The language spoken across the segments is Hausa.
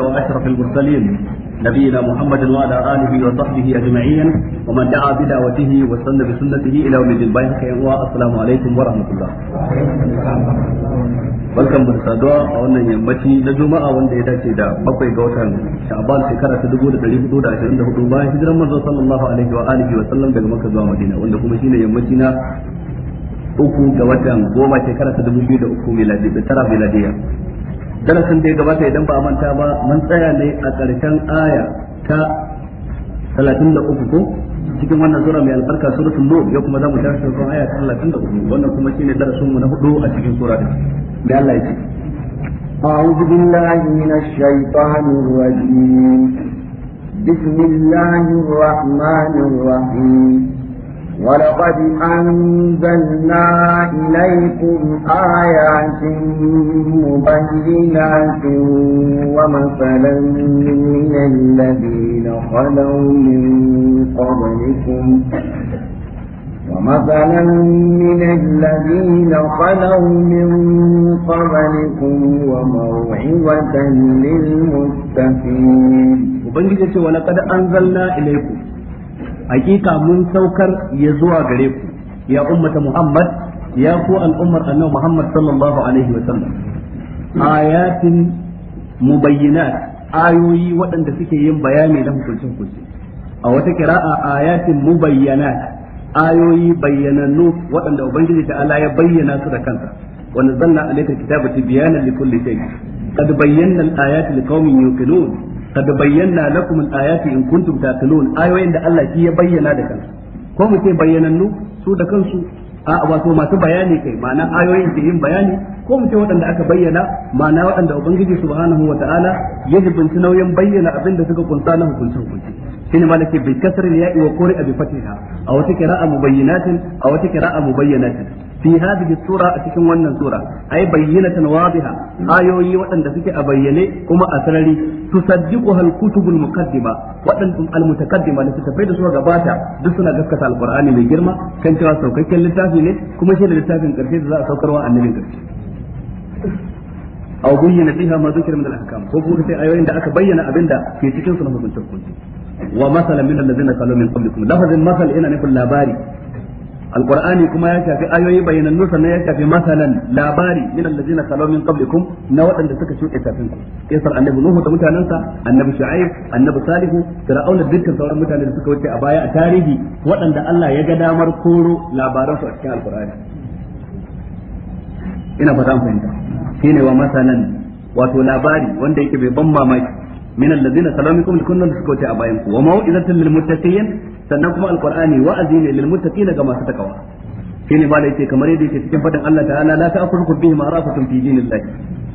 وأشرف المرسلين نبينا محمد وعلى آله وصحبه أجمعين ومن دعا بدعوته وسن بسنته إلى يوم الدين السلام عليكم ورحمة الله barkan mu saduwa a wannan yammaci na juma'a wanda ya dace da bakwai ga watan sha'ban shekara ta dubu da dari hudu da ashirin da hudu bayan hijiran manzo sallallahu alaihi wa alihi wa sallam daga makka zuwa madina wanda kuma shine yammaci na uku ga watan goma shekara ta dubu biyu da uku miladi da tara miladiya darasin da ya gabata idan ba manta ba mun tsaya ne a ƙarshen aya ta 33 ko cikin wannan sura mai albarka suratul nur yau kuma zamu tashi kan aya ta 33 wannan kuma shine darasin mu na hudu a cikin sura din da Allah ya ce أعوذ بالله من الشيطان الرجيم بسم الله الرحمن الرحيم ولقد أنزلنا إليكم آيات مبينات ومثلا من الذين خلوا من قبلكم ومثلا من الذين خلوا من قبلكم وموعظة للمتقين وبنجد ولقد أنزلنا إليكم hakika mun saukar ya zuwa gare ku ya ummata muhammad ya ku al'ummar annabi muhammad sallallahu alaihi wa sallam ayatin mubayyinat ayoyi waɗanda suke yin bayani na hukunci hukunci a wata kira'a ayatin mubayyanat ayoyi bayyanannu waɗanda ubangiji ta ala ya bayyana su da kansa wa nazzalna alayka kitaba tibyana likulli shay qad bayyana al-ayati liqaumin yuqinun qad bayyana lakum al in kuntum taqilun ayoyin da Allah ya bayyana da kansu ko mu ce bayyanannu su da kansu a wato masu bayani kai ma'ana ayoyin da yin bayani ko mu ce waɗanda aka bayyana ma'ana waɗanda ubangiji subhanahu wa ta'ala ya jibinci nauyin bayyana abin da suka kunsa na hukuncin hukunce shine malaki bi kasr ya'i wa quri bi fatiha aw wata qira'a mubayyinatin aw wata qira'a mubayyinatin fi hadhihi sura a cikin wannan sura ay bayyinatan wadiha ayoyi waɗanda suke a bayyane kuma a sarari tusaddiquha al-kutubul muqaddima waɗanda al-mutaqaddima da suka da su gabata duk suna gaskata al-qur'ani mai girma kan cewa saukakken littafi ne kuma shi da littafin karshe da za a saukarwa annabin karshe aw bayyana fiha ma dhukira min al-ahkam ko kuma sai ayoyin da aka bayyana abinda ke cikin su na hukuncin wa masalan min allazina qalu min qablikum lafazin masal ina nufin labari alqur'ani kuma ya shafi ayoyi bayanannu sannan ya shafi masalan labari min allazina qalu min qablikum na waɗanda suka shuɗe kafin ku kisar annabi nuhu da mutanansa annabi shu'aib annabi salihu fir'aun da dukkan sauran mutane da suka wuce a baya a tarihi waɗanda Allah ya ga damar koro labaransu a cikin alqur'ani ina fata fahimta shine wa masalan labari wanda yake bai ban mamaki min alladhina salamikum likunna da suka wuce a bayan ku wa mau'izatul lil muttaqin sannan kuma alqur'ani wa'azi ne lil muttaqin ga masu takawa shine ba da yake kamar da yake cikin fadin Allah ta'ala la ta'khudhukum bihi ma'rafatun fi dinillahi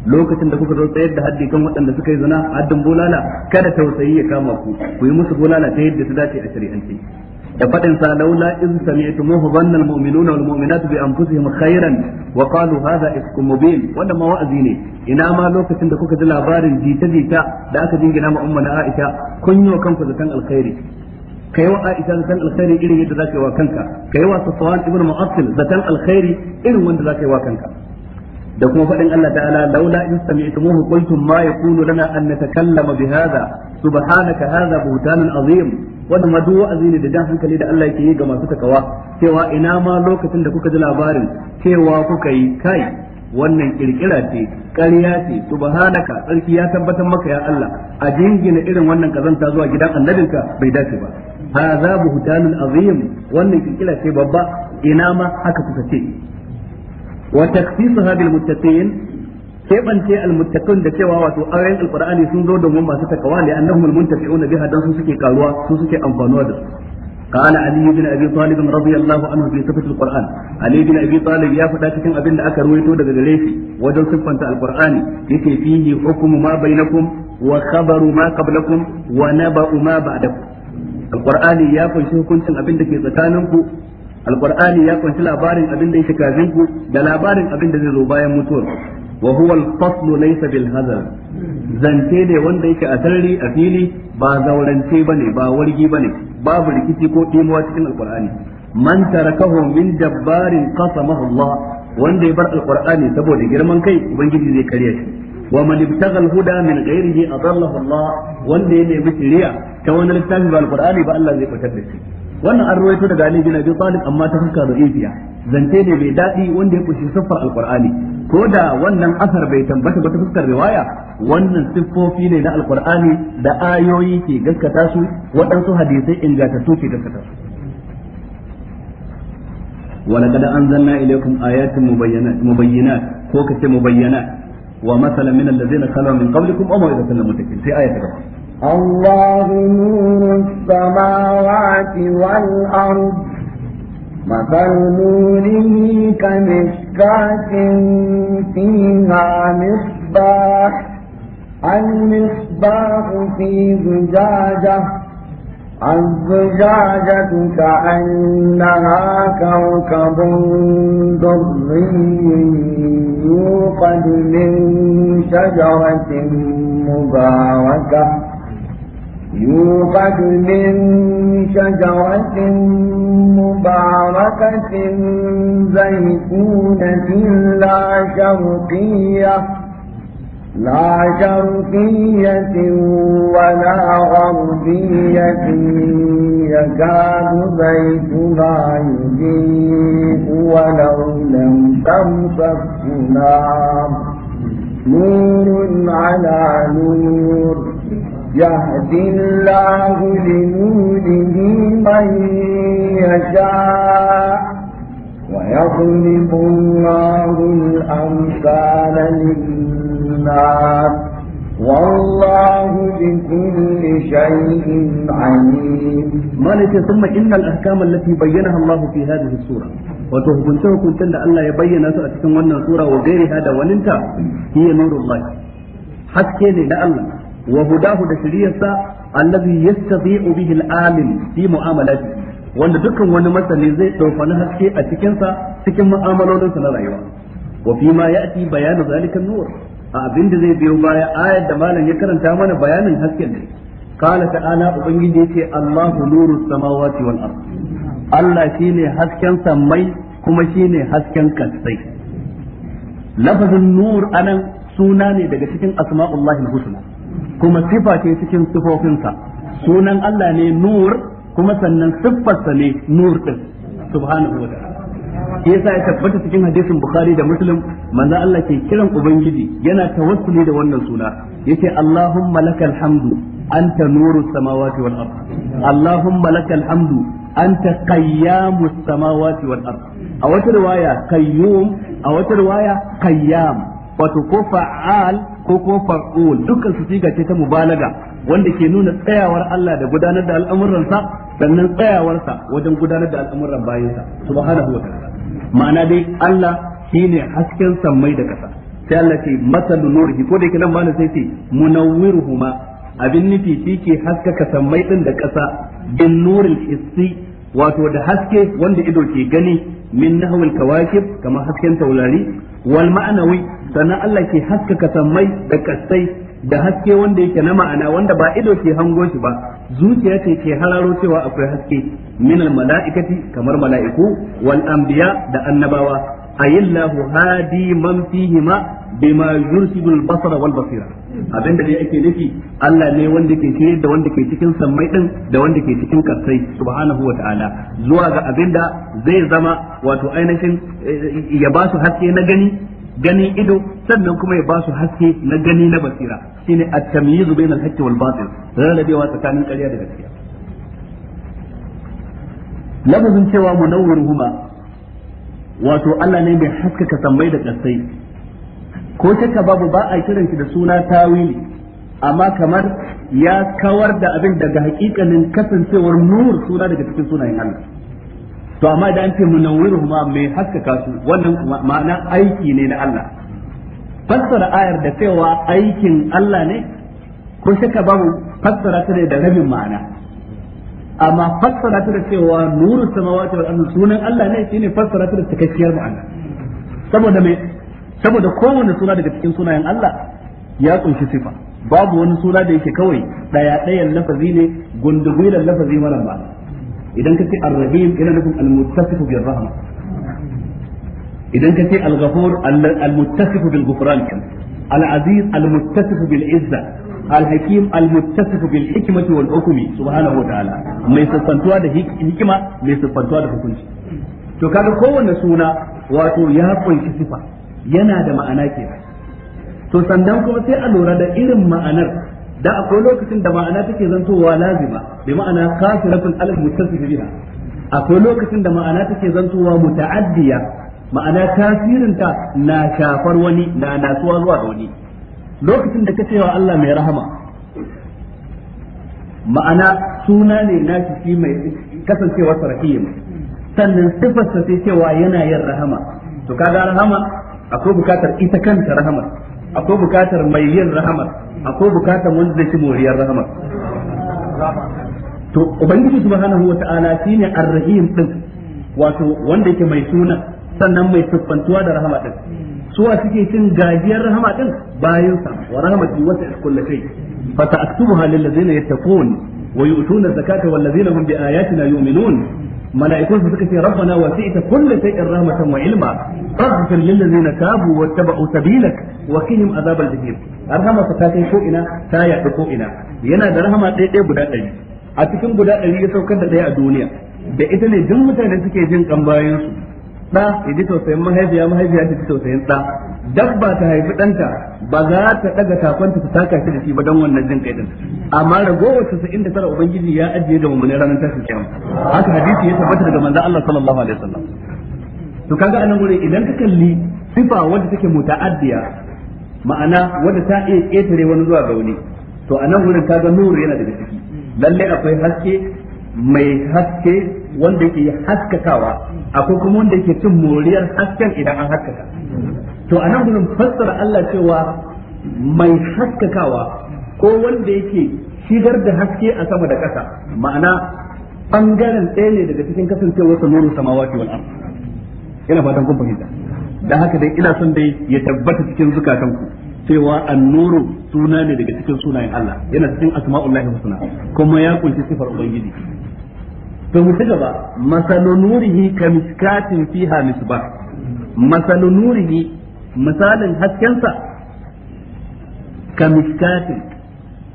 lokacin da kuka zo tsayar da haddi kan waɗanda suka yi zina haddin bulala kada tausayi ya kama ku ku yi musu bulala ta yadda su dace a shari'ance da fadin sa laula in sami'tumuhu dhanna almu'minuna wal mu'minatu bi anfusihim khairan wa qalu hadha ifkum ma wa'azi ne ina ma lokacin da kuka ji labarin jita jita da aka jingina ma umma na Aisha kun yi wa kanku zaton alkhairi kai wa Aisha zaton alkhairi irin yadda zaka yi wa kanka kai wa Safwan ibn Mu'attil zaton alkhairi irin wanda zaka yi wa kanka da kuma faɗin Allah ta'ala laula in sami'tumuhu qultum ma yakunu lana an natakallama bi hadha subhanaka hadha wannan ma duwa wa'azi da jan hankali da Allah yake yi ga masu takawa cewa ina ma lokacin da kuka ji labarin cewa kuka yi kai wannan kirkira ce ƙarya ce subhanaka sarki ya tabbatar maka ya Allah a jingina irin wannan kazanta zuwa gidan annabinka bai dace ba hadha buhtanun azim wannan kirkira ce babba ina ma haka kuka ce wa takhsisuha bil muttaqin keɓance almuttaqin da cewa wato ayoyin alqur'ani sun zo domin masu takawa ne annahum almuntafi'una biha dan su suke karuwa su suke amfanuwa da su قال علي بن ابي طالب رضي الله عنه في صفه القران علي بن ابي طالب يا فدا cikin abin da aka ruwaito daga gare shi wajen siffanta alqur'ani yake fihi hukmu ma bainakum wa khabaru ma qablakum wa naba'u ma ba'dakum alqur'ani ya kunshi hukuncin abin da ke tsakaninku alqur'ani ya kunshi labarin abin da ya shiga zinku da labarin abin da zai zo bayan mutuwar wa huwa al-faslu laysa bil zance ne wanda yake a a fili ba zaurance bane ba wargi bane babu rikici ko ɗimuwa cikin alqur'ani man tarakahu min jabbarin qasamahu Allah wanda ya bar alqur'ani saboda girman kai ubangiji zai kare shi wa man ibtaga al-huda min ghairihi adallahu Allah wanda ya nemi shari'a ta wani littafi ba alqur'ani ba Allah zai fitar da shi wannan an rawaito daga Ali bin Abi Talib amma ta fuska da'ifiya zance ne mai dadi wanda ya kushi siffar alqur'ani ko da wannan asar bai tambata ba ta fuskar riwaya wannan siffofi ne na alqur'ani da ayoyi ke gaskata su waɗansu hadisai ingantattu ke gaskata su ولقد أنزلنا إليكم آيات مبينات مبينات كوكة مبينات ومثلا من الذين خلوا من قبلكم وموعظة للمتقين في آية كمان الله نور السماوات والأرض مثل نوره كمشكاة فيها مصباح المصباح في زجاجة الزجاجة كأنها كوكب دري يوقد من شجرة مباركة يوقد من شجرة مباركة زيتونة لا شرقية لا شرقية ولا غربية يكاد زيتها يضيء ولو لم تمسك نار نور على نور يهدي الله لنوره من يشاء ويضرب الله الأمثال للناس والله بكل شيء عليم مالك ثم إن الأحكام التي بينها الله في هذه السورة wato hukunce hukuncen da Allah ya bayyana su a cikin wannan sura wa gairi da waninta hiya nurul haske ne na Allah wa hudahu da shiriyarsa allazi yastati'u bihi al-alim fi mu'amalati wanda dukkan wani masani zai dauka haske a cikinsa cikin mu'amalolinsa na rayuwa wa fi ma ya'ti bayanu zalika nur a abin da zai biyo baya ayar da malam ya karanta mana bayanin hasken ne qala ta'ala ubangiji yace Allahu nurus samawati wal ard Allah shine hasken samai kuma shine hasken kasai lafazin nur anan suna ne daga cikin asma'ullahi husna kuma sifa ce cikin sifofinsa sunan Allah ne nur kuma sannan siffarsa ne nur ɗin subhanahu wa ta'ala yasa ya tabbata cikin hadisin bukhari da muslim manzo Allah ke kiran ubangiji yana tawassuli da wannan suna yace allahumma lakal hamdu anta nuru samawati wal ard allahumma lakal hamdu anta qayyamus samawati wal ard a wata riwaya qayyum a wata riwaya qayyam wato ko fa'al ko ko fa'ul dukkan su siga ce ta mubalaga wanda ke nuna tsayawar Allah da gudanar da al'amuransa sannan tsayawarsa wajen gudanar da al'amuran bayansa subhanahu wa ta'ala ma'ana dai Allah shine hasken sammai da kasa sai Allah ce masalu nurihi ko da yake nan ma'ana sai ce munawwiruhuma abin nufi shi ke haskaka sammai din da kasa bin nuril hissi wato da haske wanda ido ke gani min nahwil kawakib kamar hasken taurari wal ma'anawi sannan Allah ke haskaka sammai da kastai da haske wanda yake na ma'ana wanda ba ido ke hango shi ba zuciya ce ke hararo cewa akwai haske min al mala'ikati kamar mala'iku wal anbiya da annabawa ayillahu hadi man fihi ma bima yursidu al-basara wal basira abinda dai ake nufi Allah ne wanda ke shirye da wanda ke cikin sammai din da wanda ke cikin karsai subhanahu wa ta'ala zuwa ga abinda zai zama wato ainihin eh, ya ba su haske na gani gani ido sannan kuma ya ba su haske na gani na basira shine at-tamyiz bayna al-haqqi wal batil rarrabewa tsakanin ƙarya da gaskiya lafazin cewa munawwiruhuma wato Allah ne mai haskaka sammai da kasai ko shakka babu ba a kiranki da suna tawili amma kamar ya kawar da abin daga hakikanin kasancewar nur suna daga cikin sunayen Allah to amma idan an ce munawwiru ma mai haskaka su wannan ma'ana aiki ne na Allah fassara ayar da cewa aikin Allah ne ko shakka babu fassara ta ne da rabin ma'ana amma fassara ta da cewa nuru samawati wal ardh sunan Allah ne shine fassara ta da cikakkiyar ma'ana saboda mai saboda kowane suna daga cikin sunayen Allah ya kunshi sifa babu wani suna da yake kawai daya dayan lafazi ne gundugwilan lafazi mara ba idan ka ce ar-rahim yana nufin al-muttasifu bir rahma idan ka ce al-ghafur al-muttasifu bil ghufran al-aziz al-muttasifu bil izza الحكيم المتصف بالحكمة والحكم سبحانه وتعالى mai sassantuwa da hikima mai sassantuwa da hukunci to kaga kowanne suna wato ya kunshi sifa yana da ma'ana ke to sannan kuma sai a lura da irin ma'anar da akwai lokacin da ma'ana take zantowa lazima bi ma'ana kasiratun alif muttasif biha akwai lokacin da ma'ana take zantowa muta'addiya ma'ana ta na shafar wani na nasuwa zuwa wani lokacin da ka cewa Allah mai rahama ma'ana suna ne na shi mai kasancewa sarahiyya sannan sifarsa sai cewa yana yin rahama to kaga rahama akwai bukatar ita kanta Rahama akwai bukatar mai yin Rahama akwai bukatar wanda zai ci moriyar Rahama. to ubangiji subhanahu wata'ala shine ar-rahim din wato wanda yake mai suna sannan mai tuffantuwa da rahama din suwa suke cin gajiyar rahama din bayan sa wa rahmati wasa kullu shay fa ta'tubuha lil ladzina yattaqun wa yu'tuna zakata wal ladzina hum bi ayatina yu'minun mala'ikun suka ce rabbana wasi'ta kulli shay'in rahmatan wa ilma faghfir lil ladzina tabu wattaba'u sabilak wa qihim azabal jahim rahama ta kai ko ina ta yaɗu ko ina yana da rahama ɗaya ɗaya guda ɗari a cikin guda ɗari ya saukar da ɗaya a duniya da ita ne duk mutane suke jin kan bayan su da ya tausayin mahaifiya mahaifiya ta ji tausayin ɗa dabba ta haifi ɗanta ba za ta ɗaga takwanta ta taka shi da shi ba don wannan jin kai din amma ragowar tasa'in da tara ubangiji ya ajiye ga mummune ranar tashin kiyama haka hadisi ya tabbata daga manzon Allah sallallahu alaihi wasallam to kaga anan gure idan ka kalli sifa wanda take muta'addiya ma'ana wanda ta iya ƙetare wani zuwa ga wani to anan gurin kaga nuru yana daga ciki lalle akwai haske mai haske wanda yake haskakawa akwai kuma wanda yake cin moriyar hasken idan an haskaka to anan gudun fassara Allah cewa mai haskakawa ko wanda yake shigar da haske a sama da ƙasa ma'ana bangaren ɗaya ne daga cikin kasancewar sa nuru samawati wal ard ina fatan kun fahimta Da haka dai ina son dai ya tabbata cikin zukatanku cewa an nuna suna ne daga cikin sunayen Allah yana cikin asma'ullahi husna kuma ya kunshi sifar ubangiji to mu ci gaba masalu nurihi kamiskatin fiha misbah masalu nurihi misalin haskensa kamishkatin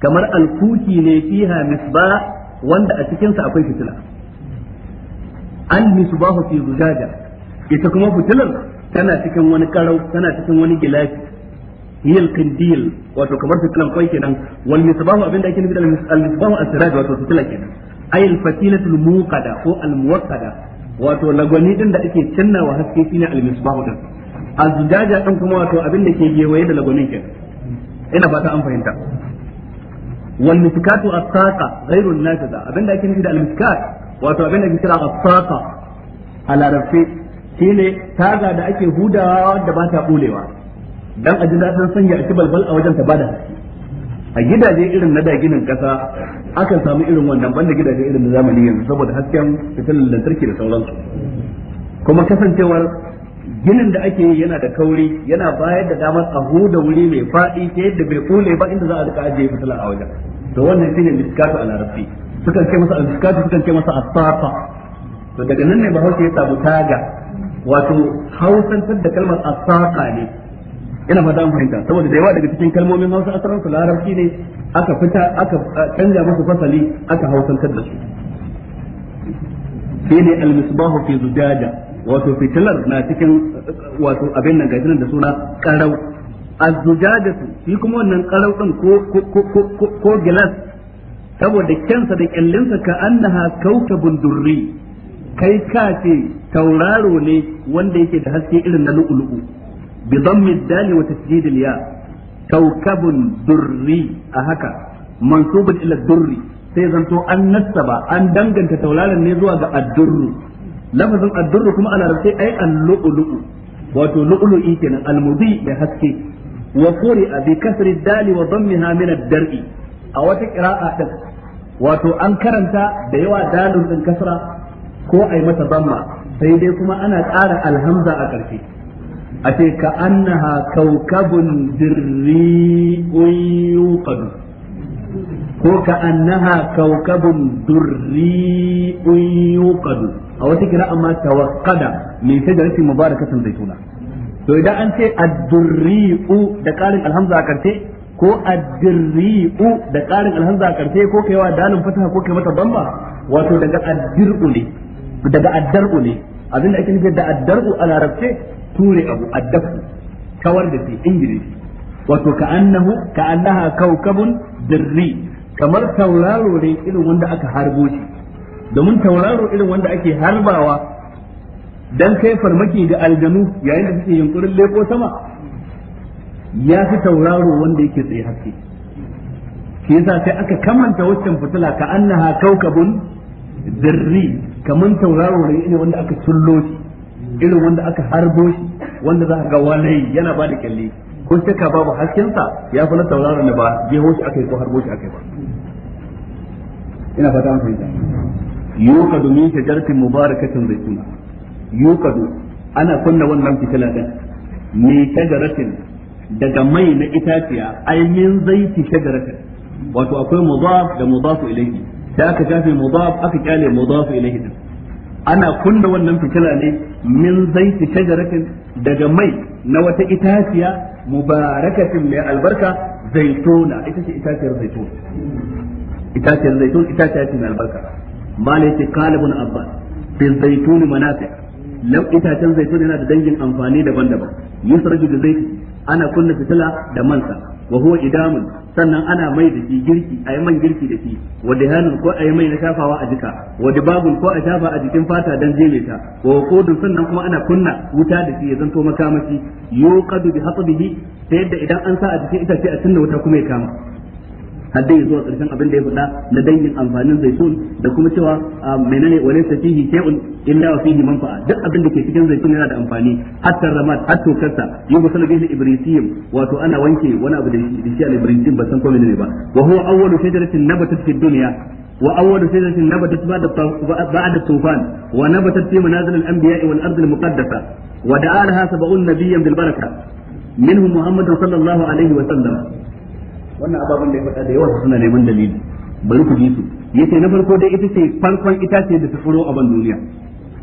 kamar alkuki ne fiha misba wanda a cikinsa akwai fitila an misbahu fi zujaja ita kuma fitilar tana cikin wani karau tana cikin wani gilafi hiyal kandil wato kamar fitilan kwai kenan wal misbahu abinda ake nufi da al misbahu asrad wato fitila kenan ay al fatilatul muqada ko al muwaqqada wato lagwani din da ake cinna wa haske shine al misbahu din azjaja din kuma wato abin da ke gewaye da lagunin ke ina fata an fahimta wal miskatu as-saqa ghairu an-nafiza abin da ake nufi da al-miskat wato abin da ke kira as-saqa a larabci shine taga da ake hudawa da ba ta bulewa dan a ji dadin sanya a balbal a wajen ta bada a gidaje irin na da ginin kasa akan samu irin wannan banda gidaje irin na zamani yanzu saboda hasken fitilan lantarki da sauransu kuma kasancewar ginin da ake yi yana da kauri yana bayar da damar a huda wuri mai faɗi ta yadda bai kule ba inda za a rika ajiye fitila a wajen to wannan ne miskatu a larabci sukan ce masa miskatu sukan ce masa asafa to daga nan ne bahaushe ya samu taga wato hausantar da kalmar asafa ne ina fata fahimta saboda da yawa daga cikin kalmomin hausa asarar su larabci ne aka fita aka canja musu fasali aka hausantar da su shine al-misbahu fi zujaja wato fitilar na cikin wato abin nan gashi da suna karau azzujajatu shi kuma wannan karau din ko ko ko gilas saboda kyansa da kyallinsa ka annaha kaukabun durri kai ka ce tauraro ne wanda yake da haske irin na lu'ulu'u bi wata dali wa tasjidil ya kaukabun durri a haka mansubun ila durri sai zanto an nasaba an danganta tauraron ne zuwa ga adurru. lafazin addurru kuma ana rubuce ai al-lu'lu'u wato lu'lu'i kenan al da haske wa a bi kasri dali wa dammiha min ad-dar'i a wata qira'a ta wato an karanta da yawa dalun din kasra ko ai mata damma sai dai kuma ana ƙara alhamza a ƙarshe a ce ka annaha kaukabun dirri yuqadu ko ka annaha kaukabun durri'un yuqadu a wata kira amma tawaqqada min shajaratin mubarakatin zaituna to idan an ce ad-durri'u da qarin alhamza a karshe ko ad-durri'u da qarin alhamza a karshe ko kaiwa dalin fataha ko kai mata bamba wato daga ad ne daga ad ne abinda ake nufi ture abu dafu da wato kamar tauraro ne irin wanda aka harbo shi domin tauraro irin wanda ake harbawa dan kai farmaki ga aljanu yayin da suke yunkurin leko sama ya fi tauraro wanda yake tsaye haske shi yasa sai aka kamanta waccan fitila ka annaha kaukabun dirri kaman tauraro ne irin wanda aka sullo shi irin wanda aka harbo shi wanda za ga wani yana ba da kyalle ko shakka babu haskensa ya fi na tauraron da ba jeho shi aka yi ko harbo shi aka yi ba ina fata an fahimta yuqadu min shajaratin mubarakatin zaituna yuqadu ana kunna wannan fitila din mai shajaratin daga mai na itaciya ai min zaiti shajaratin wato akwai mudaf da mudaf ilayhi da aka shafe mudaf aka kyale mudaf ilayhi din ana kunna wannan fitila ne min zaiti shajaratin daga mai na wata itaciya mubarakatin mai albarka zaituna ita ce itaciyar zaituna itacen zaitun itaciya ce mai albarka mala yace kalibun abbas fi zaituni manafi lam itacen zaitun yana da dangin amfani daban-daban yusraju da zaitun ana kunna fitila da mansa wa huwa idamun sannan ana mai da shi girki a man girki da shi wa dihanun ko a mai na shafawa a jika wa dibabun ko a shafa a jikin fata dan jeme ta wa kodun sannan kuma ana kunna wuta da shi ya zanto makamashi yuqadu bi hatbihi ta yadda idan an sa a jikin itace a cinna wuta kuma ya kama har dai zuwa karshen abin da ya faɗa na dangin amfanin zaitun da kuma cewa ah, menene walaysa fihi shay'un illa wa fihi manfa'a duk abin da ke cikin zaitun yana da amfani hatta ramat hatta kasa yugo salabihi ibrisiyum wato ana wanke wani abu da shi al-ibrisiyum ba san ko menene ba wa huwa awwalu shajaratin nabatat fid dunya وأول سنة نبتت بعد بعد الطوفان ونبتت في منازل الأنبياء والأرض المقدسة ودعا لها سبعون نبيا بالبركة منهم محمد صلى الله عليه وسلم wannan ababen da ya faɗa da yawa suna neman dalili bari ku ji su yace na farko dai ita ce farkon itace da ta furo a ban duniya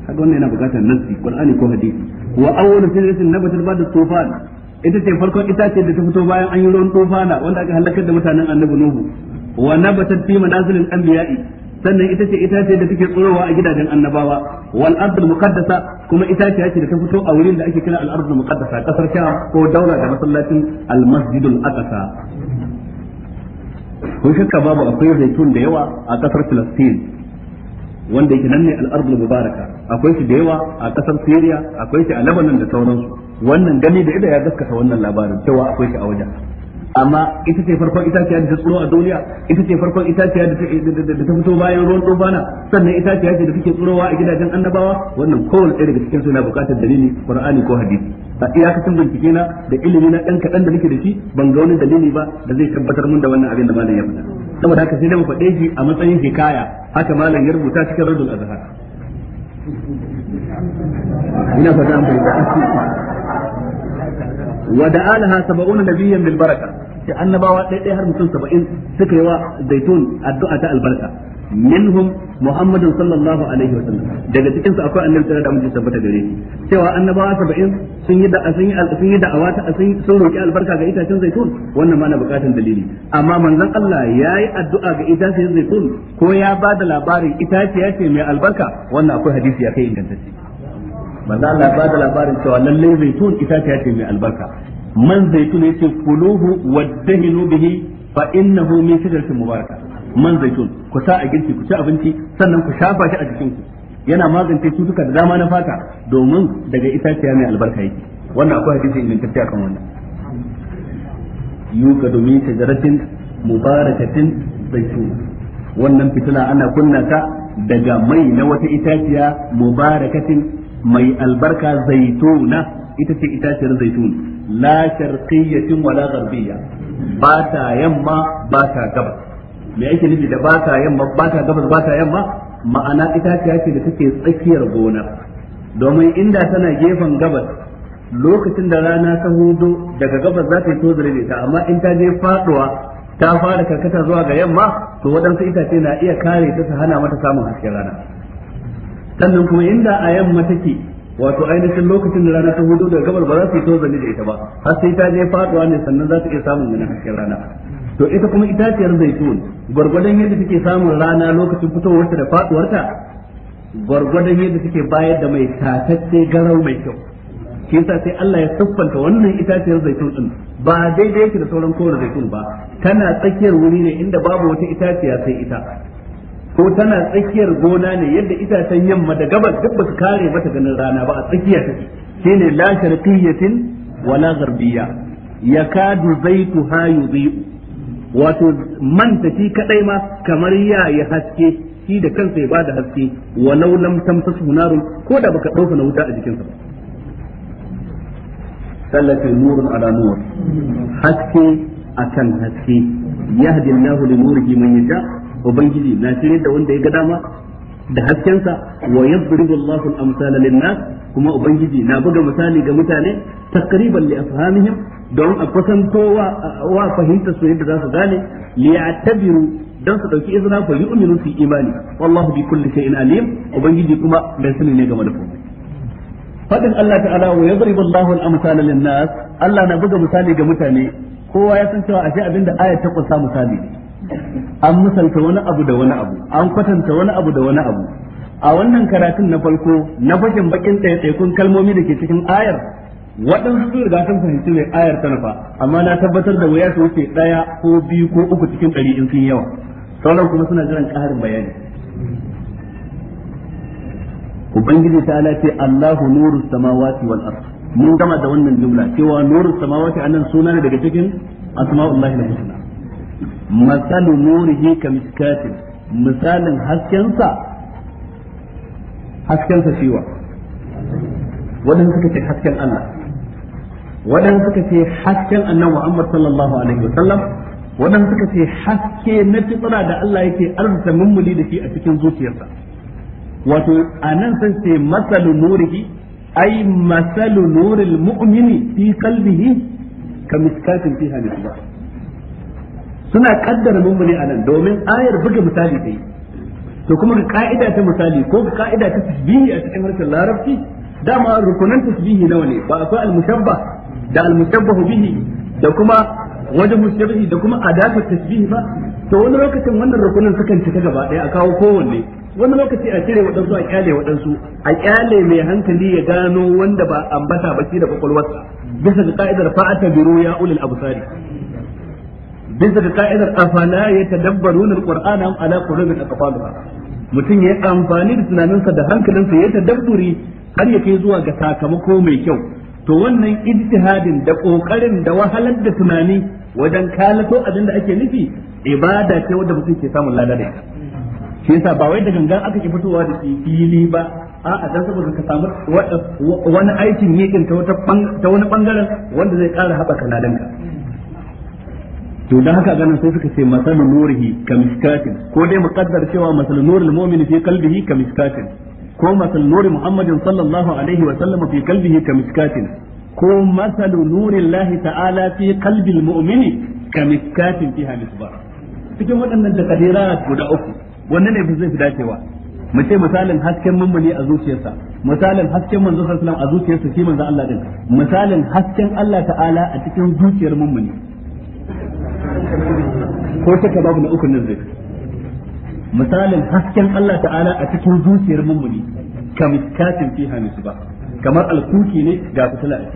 kaga wannan yana bukatar nassi qur'ani ko hadisi wa awwalu sirrin nabatul ba'da tufan ita ce farkon itace da ta fito bayan an yi ruwan tufana wanda aka halakar da mutanen annabi nuhu wa nabatat fi manazilil anbiya'i sannan ita ce itace da take tsorowa a gidajen annabawa wal ardul muqaddasa kuma itace ce da ta fito a wurin da ake kira al ardul muqaddasa kasar sham ko daura da masallacin al masjidul aqsa kun shakka babu akwai zaitun da yawa a kasar Palestine wanda yake nan ne al'ardul mubaraka akwai shi da yawa a kasar Syria akwai shi a Lebanon da sauransu wannan gani da ida ya gaskata wannan labarin cewa akwai shi a wajen amma ita ce farkon itaciya da ta tsoro a duniya ita ce farkon itaciya da ta fito bayan ruwan tsofana sannan itaciya ce da take tsorowa a gidajen annabawa wannan kowane ɗaya daga cikin suna buƙatar dalili qur'ani ko hadisi a iyakacin bincike na da ilimi na dan kadan da nake da shi ban ga wani dalili ba da zai tabbatar mun da wannan abin da malam ya faɗa saboda haka sai da mu faɗe shi a matsayin hikaya haka malam ya rubuta cikin radul azhar ina fata an bayyana wa alaha sab'una nabiyyan bil baraka sai annabawa ɗaya har mutum 70 suka yi wa zaitun addu'a ta albarka minhum muhammadun sallallahu alaihi wa sallam daga cikin su akwai annabi tare da mun tabbata gare shi cewa annabawa 70 sun yi da sun yi sun yi da'awa ta sun sun roki albarka ga itacen zaitun wannan ma na bukatun dalili amma manzon Allah yayi addu'a ga itacen zaitun ko ya ba da labarin itaciya ce mai albarka wannan akwai hadisi ya kai ingantacce manzon Allah ya ba da labarin cewa lallai zaitun itaciya ce mai albarka man zaitun yace kuluhu waddahinu bihi fa innahu min shajaratin mubarakah man zaitun ku sa a girki ku ci abinci sannan ku shafa shi a jikinku yana magance cutuka da dama na fata domin daga itaciya mai albarka yake wannan akwai hadisi tafiya kan wannan yuka domin shajaratin mubarakatin zaitun wannan fitila ana kunna ta daga mai na wata itaciya mubarakatin mai albarka zaituna ita ce itaciyar zaitun la sharqiyyatin wala gharbiyya ba ta yamma ba ta gabas me ake nufi da ba ta yamma ba ta gabas ba ta yamma ma'ana ita ce da take tsakiyar gona domin inda tana gefen gabas lokacin da rana ta hudo daga gabas za ta yi tozare ne ta amma in ta je faduwa ta fara karkata zuwa ga yamma to waɗansu itace na iya kare ta su hana mata samun hasken rana sannan kuma inda a yamma take wato ainihin lokacin da rana ta hudu daga gabar ba za su yi tozali da ita ba har sai ta je faduwa ne sannan za su iya samun wani hasken rana to ita kuma itaciyar zaitun gwargwadon yadda take samun rana lokacin fitowarta da faduwarta gwargwadon yadda take bayar da mai tatacce garau mai kyau shi yasa sai Allah ya siffanta wannan itaciyar zaitun din ba daidai yake da sauran kowane zaitun ba tana tsakiyar wuri ne inda babu wata itaciya sai ita ko tana tsakiyar gona ne yadda itacen yamma da gabas duk ba su kare mata ganin rana ba a tsakiya take shine la sharqiyyatin wala gharbiyya yakadu zaytuha yudhi'u wato man ta shi kadai ma kamar ya yi haske shi da kansa ya bada haske walau lam tamtasu narun ko da baka dauka na wuta a jikinsa ba sallati nurun ala nur haske akan haske yahdi Allahu li nurihi man ubangiji na shirye da wanda ya ga dama da haskensa wa yadribu Allahu al-amsala lin-nas kuma ubangiji na buga misali ga mutane takriban li afhamihim don a kusanto wa fahimta su yadda za su gane li ya'tabiru don su dauki izina fa yu'minu fi imani wallahu bi kulli shay'in alim ubangiji kuma bai sani ne game da komai fadin Allah ta'ala wa yadribu Allahu al-amsala lin-nas Allah na buga misali ga mutane kowa ya san cewa ashe abinda ayat ta kusa misali an misalta wani abu da wani abu an kwatanta wani abu da wani abu a wannan karatun na farko na fashin bakin ɗaiɗaikun kalmomi da ke cikin ayar waɗansu sun riga sun fahimci mai ayar ta nufa amma na tabbatar da wuya su wuce ɗaya ko biyu ko uku cikin ɗari in sun yawa sauran kuma suna jiran ƙarin bayani ubangiji ta ala ce allahu nuru samawati wal ard mun gama da wannan jumla cewa nuru samawati nan suna ne daga cikin asma'ullahi al husna masalu nurihi ka miskatin misalin haskensa haskensa shiwa wadanda suka ce hasken Allah wadanda suka ce hasken annabi Muhammad sallallahu alaihi wasallam wadanda suka ce haske na fitra da Allah yake arzuta mummuli da shi a cikin zuciyarsa wato anan sun ce masalu nurihi ay masalu nuril mu'mini fi qalbihi ka miskatin fiha misbah suna kaddara mummune a nan domin ayar buga misali dai to kuma ga ka'ida ta misali ko ga ka'ida ta tasbihi a cikin harshen larabci dama rukunan tasbihi nawa ne ba akwai al mushabba da al-mushabbahu bihi da kuma wajhu shabhi da kuma adatu tasbihi ba to wani lokacin wannan rukunan sukan cika gaba daya a kawo kowanne wani lokaci a cire waɗansu a kyale waɗansu a kyale mai hankali ya gano wanda ba ambata ba shi da kwakwalwarsa bisa ga ka'idar fa'ata biro ya ulil abusari bisa ga ka'idar afala yatadabbaruna alqur'ana am ala qulubin aqfalha mutum ya amfani da tunaninsa da hankalinsa ya tadabburi har ya kai zuwa ga sakamako mai kyau to wannan ijtihadin da kokarin da wahalar da tunani wajen kalato abin da ake nufi ibada ce wanda mutum ke samun lada da ita shi yasa ba wai da gangan aka ki fitowa da fili ba a'a dan saboda ka samu wani aikin yakin ta wani bangaren wanda zai kara haɓaka ladanka to dan haka ganin sai suka ce masalu nurihi kamiskatin ko dai muqaddar cewa masalu nuril mu'mini fi qalbihi kamiskatin ko masalu nuri muhammadin sallallahu alaihi wa sallam fi qalbihi kamiskatin ko masalu nurillahi ta'ala fi qalbil mu'mini kamiskatin fiha misbah cikin waɗannan takadirat guda uku wanne ne zai fi dacewa mu ce misalin hasken mummuni a zuciyarsa misalin hasken manzo sallallahu alaihi wasallam a zuciyarsa shi manzo Allah din misalin hasken Allah ta'ala a cikin zuciyar mummuni ko take babu na ukun nan zai misalin hasken Allah ta'ala a cikin zuciyar mummuni kamiskatin fiha ba kamar alkuki ne ga fitila a